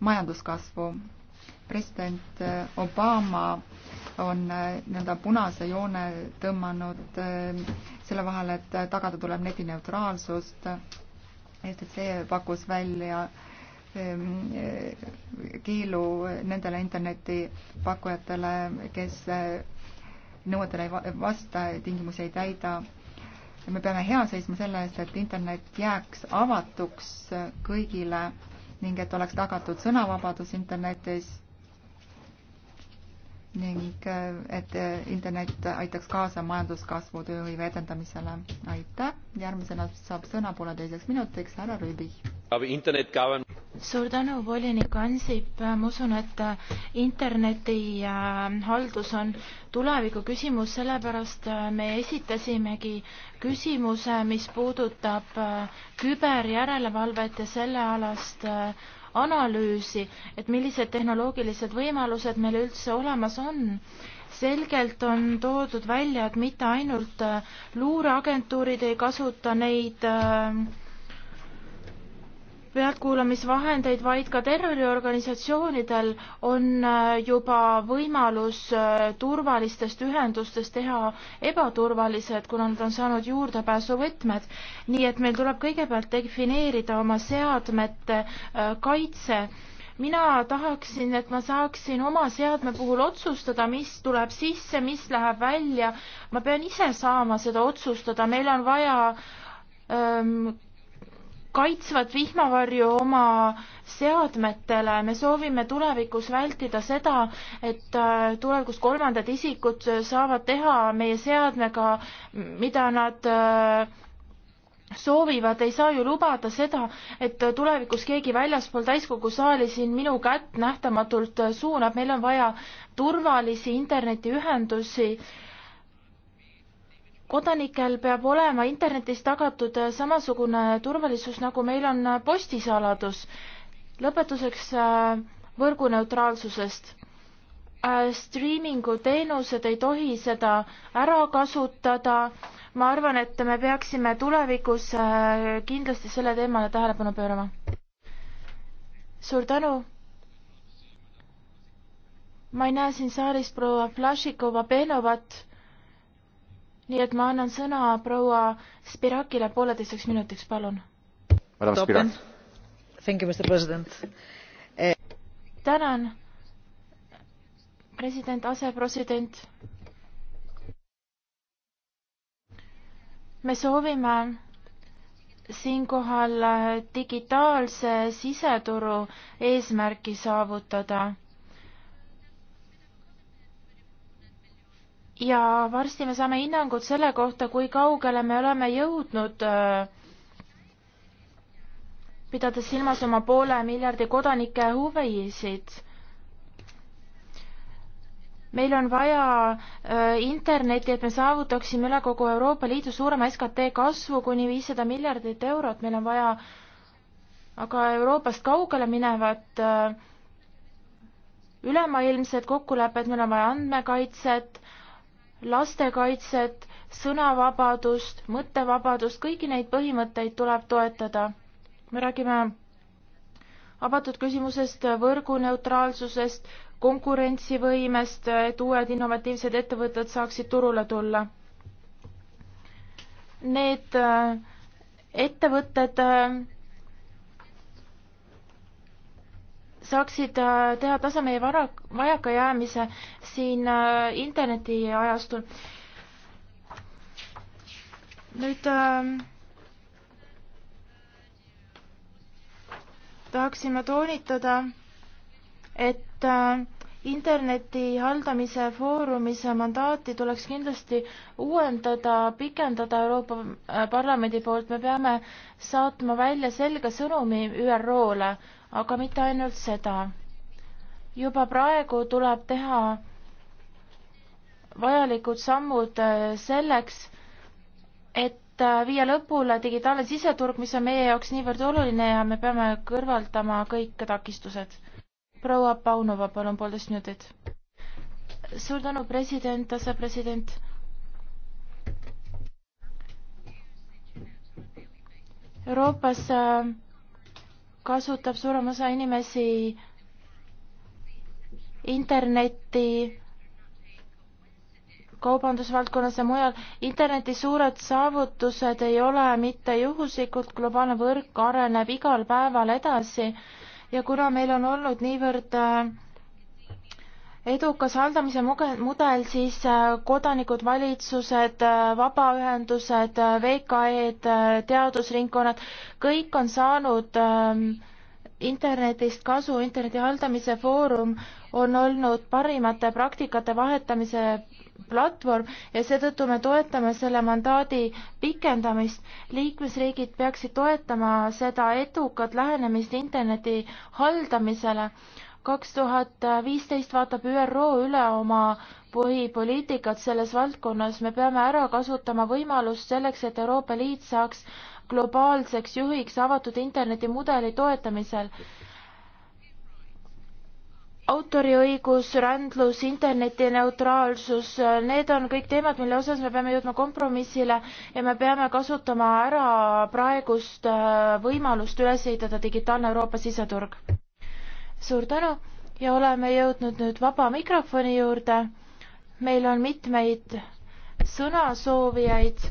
majanduskasvu. president Obama on äh, nii-öelda punase joone tõmmanud äh, selle vahel, et tagada tuleb netineutraalsust. FTC pakkus välja ähm, äh, keelu nendele internetipakkujatele, kes nõuetele ei vasta, tingimusi ei täida. me peame hea seisma selle eest, et internet jääks avatuks kõigile ning et oleks tagatud sõnavabadus internetis ning äh, et äh, internet aitaks kaasa majanduskasvu tööhõive edendamisele. aitäh, järgmisena saab sõna pooleteiseks minutiks härra Rüübi. suur tänu, volinik Ansip, ma usun, et äh, interneti haldus on tuleviku küsimus, sellepärast me esitasimegi küsimuse, mis puudutab küberjärelevalvet ja sellealast analüüsi, et millised tehnoloogilised võimalused meil üldse olemas on. selgelt on toodud välja, et mitte ainult äh, luureagentuurid ei kasuta neid äh, pealtkuulamisvahendeid, vaid ka terroriorganisatsioonidel on äh, juba võimalus äh, turvalistest ühendustest teha ebaturvalised, kuna nad on saanud juurdepääsuvõtmed. nii et meil tuleb kõigepealt defineerida oma seadmete äh, kaitse mina tahaksin, et ma saaksin oma seadme puhul otsustada, mis tuleb sisse, mis läheb välja. ma pean ise saama seda otsustada, meil on vaja ähm, kaitsvat vihmavarju oma seadmetele, me soovime tulevikus vältida seda, et äh, tulevikus kolmandad isikud saavad teha meie seadmega, mida nad äh, soovivad, ei saa ju lubada seda, et tulevikus keegi väljaspool täiskogu saali siin minu kätt nähtamatult suunab, meil on vaja turvalisi internetiühendusi kodanikel peab olema internetis tagatud samasugune turvalisus, nagu meil on postisaladus. lõpetuseks äh, võrguneutraalsusest. Äh, streamingu teenused ei tohi seda ära kasutada. ma arvan, et me peaksime tulevikus äh, kindlasti selle teemale tähelepanu pöörama. suur tänu. ma ei näe siin saalis proua Flašikova-Penovat nii et ma annan sõna proua Spirakile pooleteiseks minutiks, palun. Eh, tänan, president, asepresident. me soovime siinkohal digitaalse siseturu eesmärki saavutada ja varsti me saame hinnangut selle kohta, kui kaugele me oleme jõudnud, äh, pidades silmas oma poole miljardi kodanike huvisid. meil on vaja äh, Internetti, et me saavutaksime üle kogu Euroopa Liidu suurema SKT kasvu kuni viissada miljardit eurot, meil on vaja aga Euroopast kaugele minevat äh, ülemaailmsed kokkulepped, meil on vaja andmekaitset lastekaitset, sõnavabadust, mõttevabadust, kõiki neid põhimõtteid tuleb toetada. me räägime avatud küsimusest, võrguneutraalsusest, konkurentsivõimest, et uued innovatiivsed ettevõtted saaksid turule tulla. Need äh, ettevõtted äh, saaksid äh, teha taseme vara, vajakajäämise siin äh, internetiajastul. nüüd äh, tahaksin ma toonitada, et äh, interneti haldamise foorumis mandaati tuleks kindlasti uuendada, pikendada Euroopa äh, Parlamendi poolt, me peame saatma välja selge sõnumi ÜRO-le aga mitte ainult seda. juba praegu tuleb teha vajalikud sammud äh, selleks, et äh, viia lõpule digitaalne siseturg, mis on meie jaoks niivõrd oluline ja me peame kõrvaldama kõik takistused. proua Paunova, palun poolteist minutit. suur tänu, president, asepresident. Euroopas äh, kasutab suurem osa inimesi internetti kaubandusvaldkonnas ja mujal. interneti suured saavutused ei ole mitte juhuslikud, globaalne võrk areneb igal päeval edasi ja kuna meil on olnud niivõrd äh, edukas haldamise mudel, siis äh, kodanikud, valitsused, äh, vabaühendused, äh, VKE-d, teadusringkonnad, kõik on saanud ähm, internetist kasu, interneti haldamise foorum on olnud parimate praktikate vahetamise platvorm ja seetõttu me toetame selle mandaadi pikendamist. liikmesriigid peaksid toetama seda edukat lähenemist interneti haldamisele kaks tuhat viisteist vaatab ÜRO üle oma põhipoliitikat selles valdkonnas, me peame ära kasutama võimalust selleks, et Euroopa Liit saaks globaalseks juhiks avatud internetimudeli toetamisel. autoriõigus, rändlus, internetineutraalsus, need on kõik teemad, mille osas me peame jõudma kompromissile ja me peame kasutama ära praegust äh, võimalust üles ehitada digitaalne Euroopa siseturg suur tänu ja oleme jõudnud nüüd vaba mikrofoni juurde. meil on mitmeid sõnasoovijaid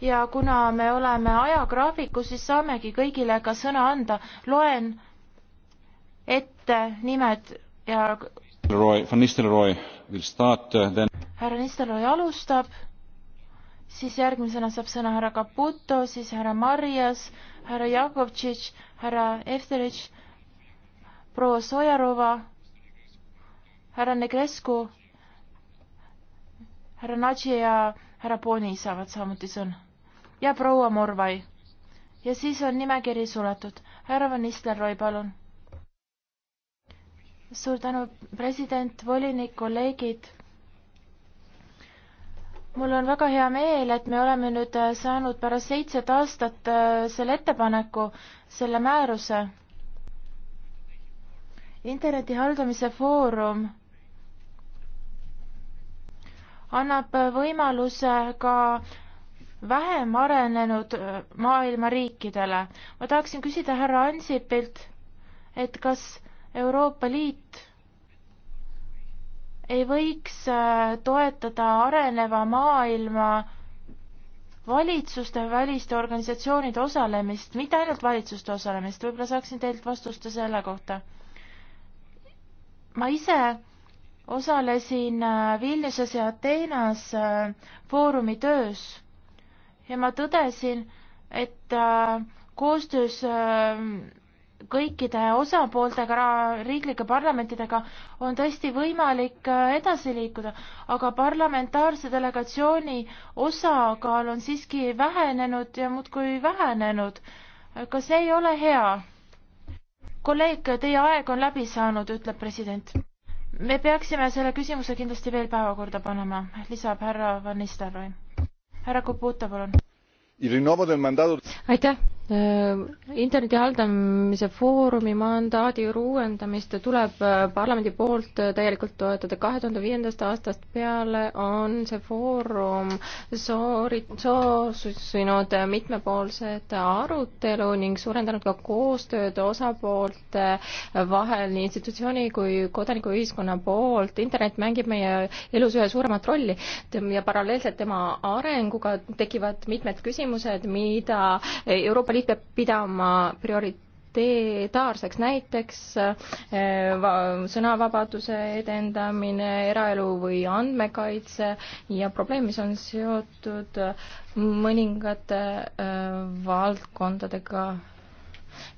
ja kuna me oleme ajagraafikus, siis saamegi kõigile ka sõna anda. loen ette nimed ja. Van Nistelrooy will start uh, then. härra Nistelrooy alustab, siis järgmisena saab sõna härra Caputo, siis härra Marias, härra Jakovtšitš, härra Efterich proua Sojarova, härra Negrescu, härra Nadži ja härra Boni saavad samuti sõna. ja proua Morvai. ja siis on nimekiri suletud. härra Van Nistelrooy, palun. suur tänu, president, volinik, kolleegid mul on väga hea meel, et me oleme nüüd saanud pärast seitset aastat äh, selle ettepaneku, selle määruse interneti haldamise foorum annab võimaluse ka vähem arenenud äh, maailma riikidele. ma tahaksin küsida härra Ansipilt, et kas Euroopa Liit ei võiks äh, toetada areneva maailma valitsuste väliste organisatsioonide osalemist, mitte ainult valitsuste osalemist, võib-olla saaksin teilt vastust selle kohta ma ise osalesin äh, Vilniuses ja Ateenas äh, Foorumi töös ja ma tõdesin, et äh, koostöös kõikide osapooltega, riiklike parlamentidega on tõesti võimalik edasi liikuda, aga parlamentaarse delegatsiooni osakaal on siiski vähenenud ja muudkui vähenenud. ka see ei ole hea kolleeg, teie aeg on läbi saanud, ütleb president. me peaksime selle küsimuse kindlasti veel päevakorda panema, lisab härra Van Nistelrooy. härra Koputa, palun. aitäh Äh, interneti haldamise foorumi mandaadi uuendamist tuleb äh, parlamendi poolt äh, täielikult toetada. kahe tuhande viiendast aastast peale on see foorum soori-, soosinud mitmepoolset arutelu ning suurendanud ka koostööd osapoolte vahel nii institutsiooni kui kodanikuühiskonna poolt. internet mängib meie elus ühe suuremat rolli ja paralleelselt tema arenguga tekivad mitmed küsimused, mida Euroopa Euroopa Liit peab pidama prioritaarseks näiteks äh, sõnavabaduse edendamine, eraelu või andmekaitse ja probleem, mis on seotud mõningate äh, valdkondadega.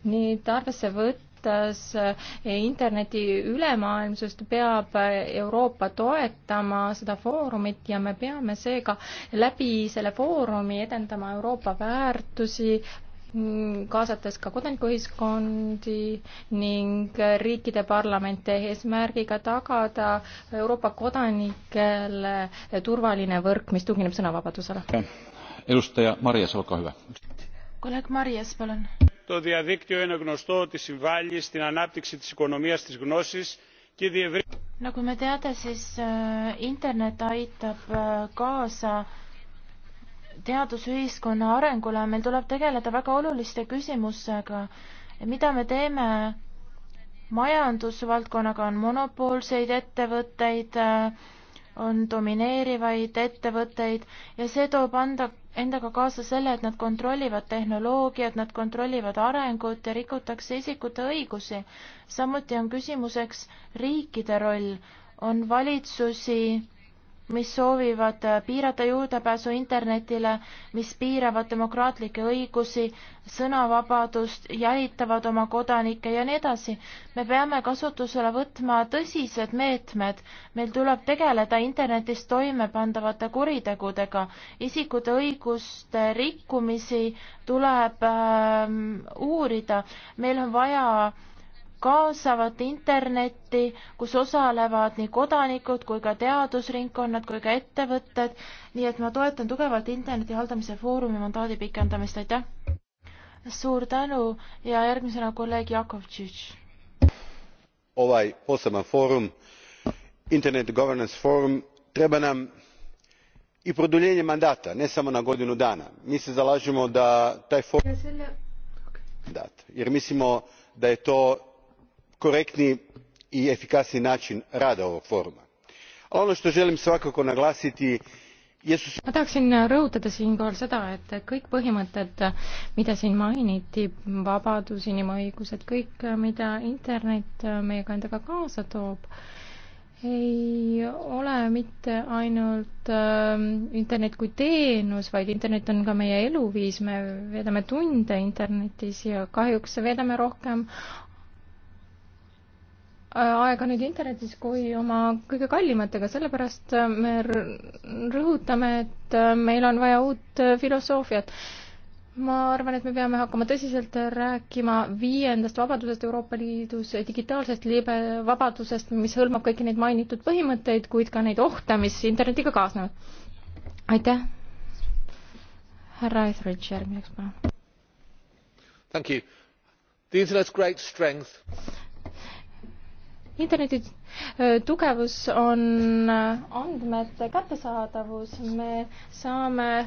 nüüd arvesse võtta mõttes äh, interneti ülemaailmsust peab Euroopa toetama seda foorumit ja me peame seega läbi selle foorumi edendama Euroopa väärtusi, kaasates ka kodanikuühiskondi ning riikide parlamente eesmärgiga tagada Euroopa kodanikele turvaline võrk, mis tugineb sõnavabadusele. edustaja Marias, olge hüva. kolleeg Marias, palun. Το διαδίκτυο είναι γνωστό ότι συμβάλλει στην ανάπτυξη της οικονομίας της γνώσης και διευρύνει. Nagu me teada, siis internet aitab kaasa teadusühiskonna arengule, meil tuleb tegeleda väga oluliste küsimustega. mida me teeme majandusvaldkonnaga, on monopoolseid ettevõtteid, on domineerivaid ettevõtteid ja see toob anda, endaga kaasa selle, et nad kontrollivad tehnoloogiat, nad kontrollivad arengut ja rikutakse isikute õigusi. samuti on küsimuseks riikide roll, on valitsusi, mis soovivad äh, piirata juurdepääsu internetile, mis piiravad demokraatlikke õigusi, sõnavabadust, jälitavad oma kodanikke ja nii edasi. me peame kasutusele võtma tõsised meetmed. meil tuleb tegeleda internetis toimepandavate kuritegudega. isikute õiguste rikkumisi tuleb äh, uurida. meil on vaja kaasavat internetti, kus osalevad nii kodanikud kui ka teadusringkonnad kui ka ettevõtted, nii et ma toetan tugevalt Interneti haldamise foorumi mandaadi pikendamist, aitäh! suur tänu ja järgmisena kolleeg Jakovtšitš. ovaj poseban forum, Internet Governance Forum, treba nam i produljenje mandata, ne samo na godinu dana. Mi se zalažemo da taj forum... Mandat, jer mislimo da je to korektniji i efikasniji način rada ovog foruma. ono što želim svakako naglasiti jesu. ma tahaksin rõhutada siinkohal seda et kõik põhimõtted mida siin mainiti vabadus inimõigused kõik mida internet meiega endaga kaasa toob ei ole mitte ainult äh, internet kui teenus, vaid internet on ka meie eluviis, me veedame tunde internetis ja kahjuks veedame rohkem Äh, aega nüüd internetis kui oma kõige kallimatega, sellepärast äh, me rõhutame, et äh, meil on vaja uut filosoofiat. ma arvan, et me peame hakkama tõsiselt rääkima viiendast vabadusest Euroopa Liidus, digitaalsest libe vabadusest, mis hõlmab kõiki neid mainitud põhimõtteid, kuid ka neid ohte, mis internetiga kaasnevad. aitäh. härra Etheridge järgmiseks, palun. Thank you. The internet's great strength interneti äh, tugevus on äh, andmete kättesaadavus, me saame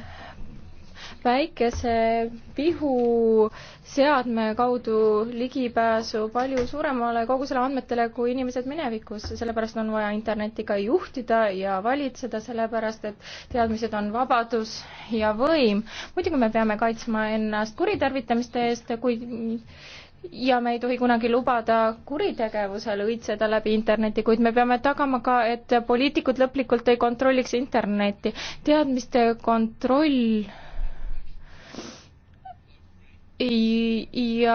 väikese pihu seadme kaudu ligipääsu palju suuremale kogusele andmetele kui inimesed minevikus, sellepärast on vaja Internetti ka juhtida ja valitseda, sellepärast et teadmised on vabadus ja võim. muidugi me peame kaitsma ennast kuritarvitamiste eest, kuid ja me ei tohi kunagi lubada kuritegevusele õitseda läbi interneti, kuid me peame tagama ka, et poliitikud lõplikult ei kontrolliks internetti. teadmiste kontroll ja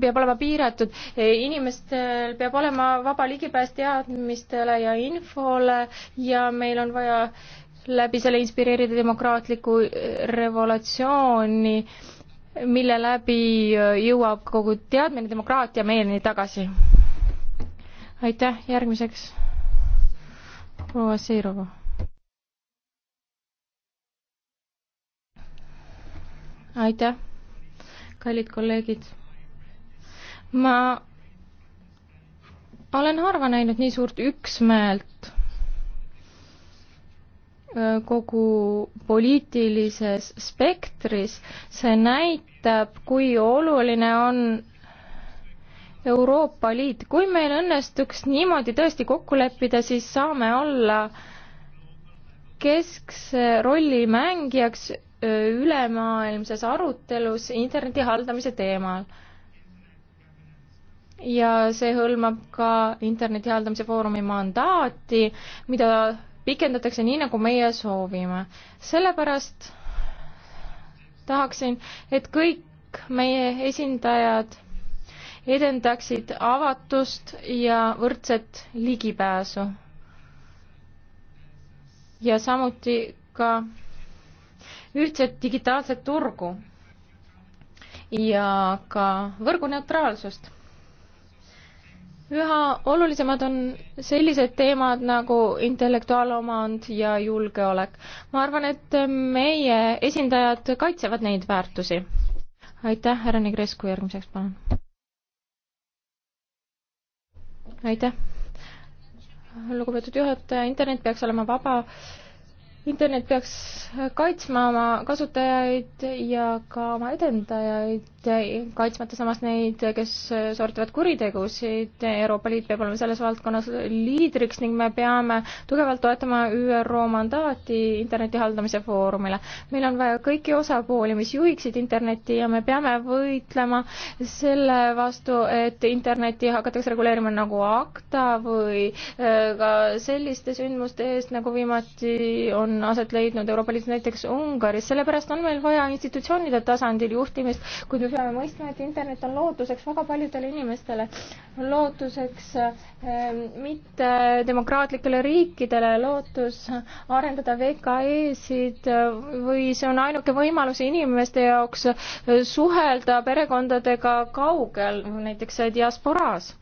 peab olema piiratud, inimestel peab olema vaba ligipääs teadmistele ja infole ja meil on vaja läbi selle inspireerida demokraatlikku revolutsiooni äh, mille läbi äh, jõuab kogu teadmine demokraatia meieni tagasi. aitäh, järgmiseks proua Seirova. aitäh, kallid kolleegid. ma olen harva näinud nii suurt üksmeelt kogu poliitilises spektris, see näitab, kui oluline on Euroopa Liit. kui meil õnnestuks niimoodi tõesti kokku leppida, siis saame olla keskse rolli mängijaks ülemaailmses arutelus interneti haldamise teemal. ja see hõlmab ka interneti haldamise foorumi mandaati, mida pikendatakse nii, nagu meie soovime. sellepärast tahaksin, et kõik meie esindajad edendaksid avatust ja võrdset ligipääsu. ja samuti ka ühtset digitaalset turgu ja ka võrguneutraalsust üha olulisemad on sellised teemad nagu intellektuaalomand ja julgeolek. ma arvan, et meie esindajad kaitsevad neid väärtusi. aitäh, härra Nigrescu, järgmiseks palun. aitäh. lugupeetud juhataja, internet peaks olema vaba internet peaks kaitsma oma kasutajaid ja ka oma edendajaid, kaitsmata samas neid, kes sooritavad kuritegusid. Euroopa Liit peab olema selles valdkonnas liidriks ning me peame tugevalt toetama ÜRO mandaati interneti haldamise foorumile. meil on vaja kõiki osapooli, mis juhiksid internetti ja me peame võitlema selle vastu, et internetti hakatakse reguleerima nagu ACTA või äh, ka selliste sündmuste eest, nagu viimati on on aset leidnud Euroopa Liidus, näiteks Ungaris, sellepärast on meil vaja institutsioonide tasandil juhtimist, kuid me peame mõistma, et internet on lootuseks väga paljudele inimestele, lootuseks ähm, mitte demokraatlikele riikidele, lootus arendada VKE-sid äh, või see on ainuke võimalus inimeste jaoks äh, suhelda perekondadega kaugel, näiteks diasporaas.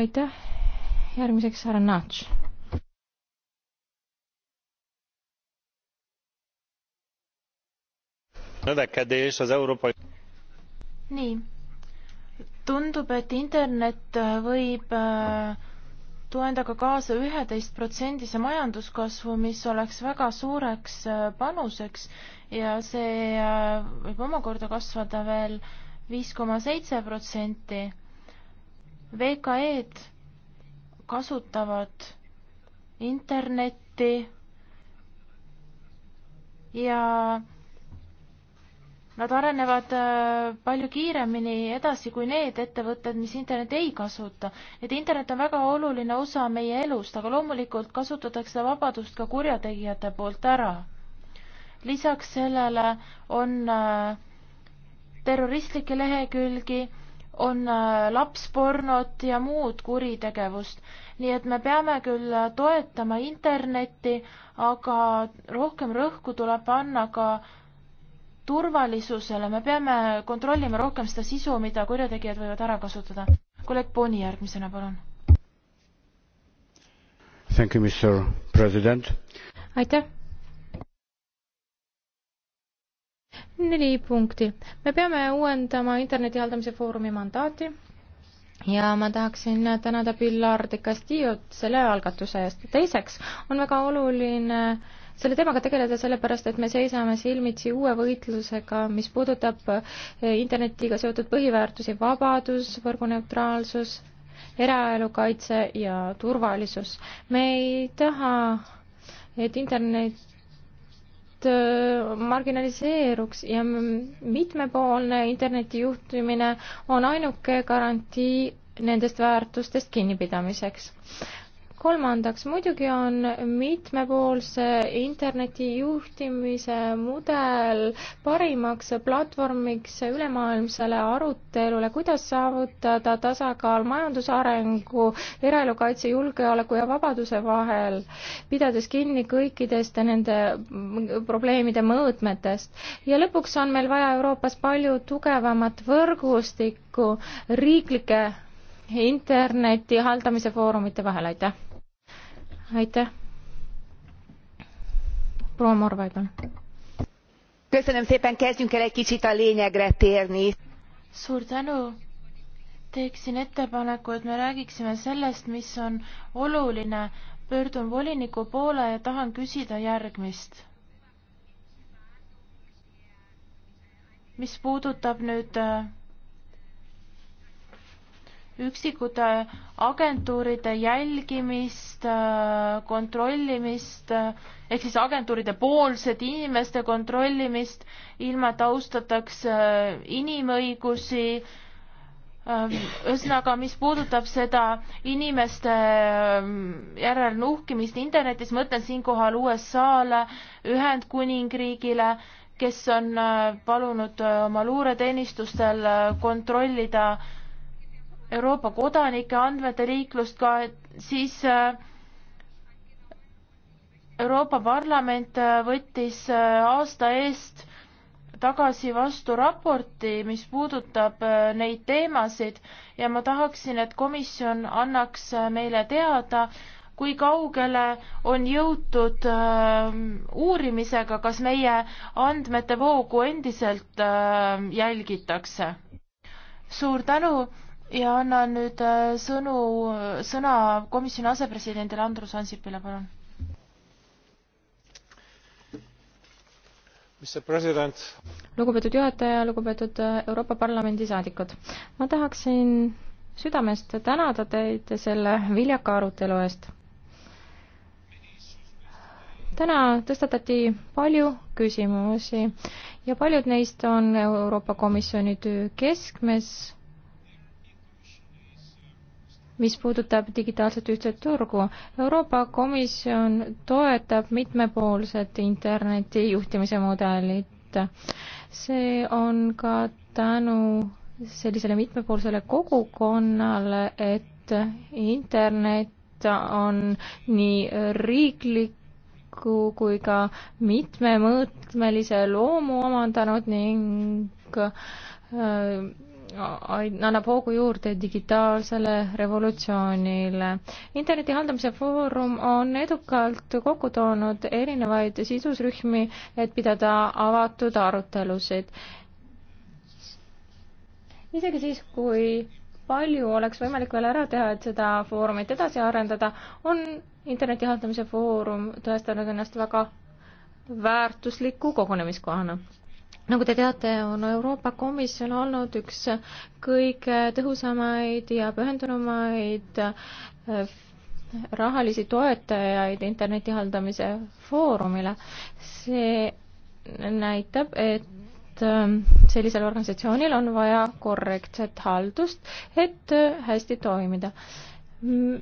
aitäh, järgmiseks härra Nats növekedés az Euroopa nii, tundub, et internet äh, võib äh, tuua endaga kaasa üheteistprotsendise majanduskasvu, mis oleks väga suureks äh, panuseks ja see võib omakorda kasvada veel viis koma seitse protsenti. VKE-d kasutavad internetti ja Nad arenevad äh, palju kiiremini edasi kui need ettevõtted, mis interneti ei kasuta. et internet on väga oluline osa meie elust, aga loomulikult kasutatakse seda vabadust ka kurjategijate poolt ära. lisaks sellele on äh, terroristlikke lehekülgi, on äh, lapspornot ja muud kuritegevust. nii et me peame küll toetama internetti, aga rohkem rõhku tuleb panna ka turvalisusele, me peame kontrollima rohkem seda sisu, mida kurjategijad võivad ära kasutada. kolleeg Boni järgmisena, palun. Thank you, Mr President. aitäh. neli punkti. me peame uuendama interneti haldamise foorumi mandaati ja ma tahaksin tänada Pilar de Castillot selle algatuse eest. teiseks on väga oluline äh, selle teemaga tegeleda, sellepärast et me seisame silmitsi uue võitlusega, mis puudutab eh, internetiga seotud põhiväärtusi, vabadus, võrguneutraalsus, eraelu kaitse ja turvalisus. me ei taha, et internet eh, marginaliseeruks ja mitmepoolne interneti juhtimine on ainuke garantii nendest väärtustest kinnipidamiseks kolmandaks, muidugi on mitmepoolse interneti juhtimise mudel parimaks platvormiks ülemaailmsele arutelule, kuidas saavutada tasakaal majandusarengu, eraelu kaitse, julgeoleku ja vabaduse vahel, pidades kinni kõikidest nende probleemide mõõtmetest. ja lõpuks on meil vaja Euroopas palju tugevamat võrgustikku riiklike interneti haldamise foorumite vahel, aitäh! aitäh. proua Morvaid on. köszönöm szépen, kezdjünk el egy kicsit a lényegre térni. suur tänu. teeksin ettepaneku, et me räägiksime sellest, mis on oluline. pöördun voliniku poole ja tahan küsida järgmist mis puudutab nüüd äh, üksikute agentuuride jälgimist, äh, kontrollimist äh, ehk siis agentuuride poolset inimeste kontrollimist, ilma et austataks äh, inimõigusi. Ähm, ühesõnaga, mis puudutab seda inimeste ähm, järel nuhkimist internetis, mõtlen siinkohal USA-le, Ühendkuningriigile kes on palunud oma luureteenistustel kontrollida Euroopa kodanike andmete liiklust ka, siis äh, Euroopa Parlament äh, võttis äh, aasta eest tagasi vastu raporti, mis puudutab neid teemasid ja ma tahaksin, et komisjon annaks meile teada, kui kaugele on jõutud äh, uurimisega, kas meie andmete voogu endiselt äh, jälgitakse? suur tänu ja annan nüüd äh, sõnu, sõna komisjoni asepresidendile Andrus Ansipile, palun. lugupeetud juhataja, lugupeetud äh, Euroopa Parlamendi saadikud, ma tahaksin südamest tänada teid selle viljaka arutelu eest. täna tõstatati palju küsimusi ja paljud neist on Euroopa Komisjoni töö keskmes mis puudutab digitaalset ühtset turgu. Euroopa Komisjon toetab mitmepoolset interneti juhtimise mudelit. see on ka tänu sellisele mitmepoolsele kogukonnale, et internet on nii riiklik tulevikku kui ka mitmemõõtmelise loomu omandanud ning äh, annab hoogu juurde digitaalsele revolutsioonile. interneti haldamise foorum on edukalt kokku toonud erinevaid sidusrühmi, et pidada avatud arutelusid. isegi siis, kui palju oleks võimalik veel ära teha, et seda foorumit edasi arendada, on interneti haldamise foorum tõestanud ennast väga väärtusliku kogunemiskohana nagu te teate, on Euroopa Komisjon olnud üks kõige tõhusamaid ja pühendunumaid äh, rahalisi toetajaid interneti haldamise foorumile. see näitab, et äh, sellisel organisatsioonil on vaja korrektset haldust, et äh, hästi toimida. Mm,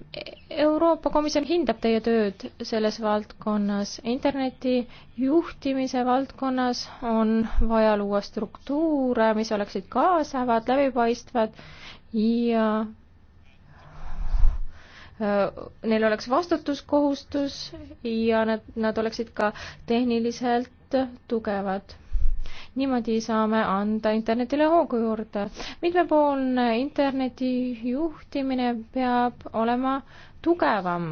Euroopa Komisjon hindab teie tööd selles valdkonnas. interneti juhtimise valdkonnas on vaja luua struktuure, mis oleksid kaasavad, läbipaistvad ja äh, neil oleks vastutuskohustus ja nad, nad oleksid ka tehniliselt tugevad niimoodi saame anda internetile hoogu juurde. mitmepoolne interneti juhtimine peab olema tugevam.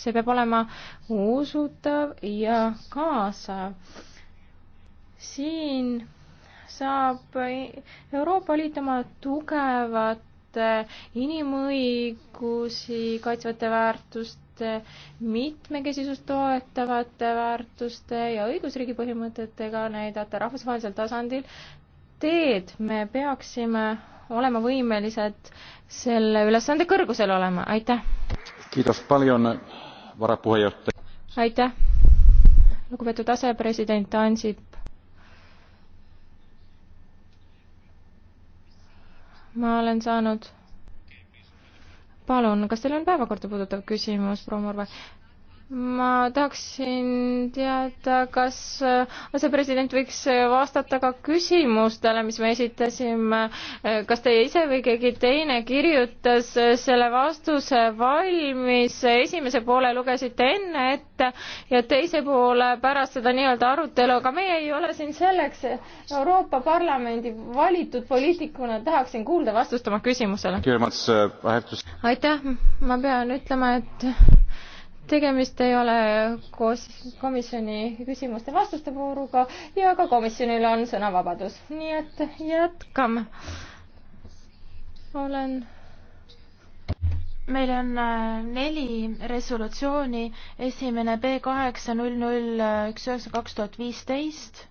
see peab olema usutav ja kaasav. siin saab Euroopa Liit oma tugevat inimõigusi kaitsvate väärtuste mitmekesisust toetavate väärtuste ja õigusriigi põhimõtetega näidata rahvusvahelisel tasandil teed, me peaksime olema võimelised selle ülesande kõrgusel olema, aitäh! aitäh, lugupeetud asepresident Ansip. ma olen saanud palun, kas teil on päevakorda puudutav küsimus, proua Murve? ma tahaksin teada, kas äh, asepresident võiks äh, vastata ka küsimustele, mis me esitasime. Äh, kas teie ise või keegi teine kirjutas selle vastuse valmis, esimese poole lugesite enne ette ja teise poole pärast seda nii-öelda arutelu, aga meie ei ole siin selleks. Euroopa Parlamendi valitud poliitikuna tahaksin kuulda vastust oma küsimusele. aitäh, ma pean ütlema, et tegemist ei ole koos komisjoni küsimuste-vastuste vooruga ja ka komisjonil on sõnavabadus, nii et jätkame. olen meil on äh, neli resolutsiooni, esimene B kaheksa null null üks üheksa kaks tuhat viisteist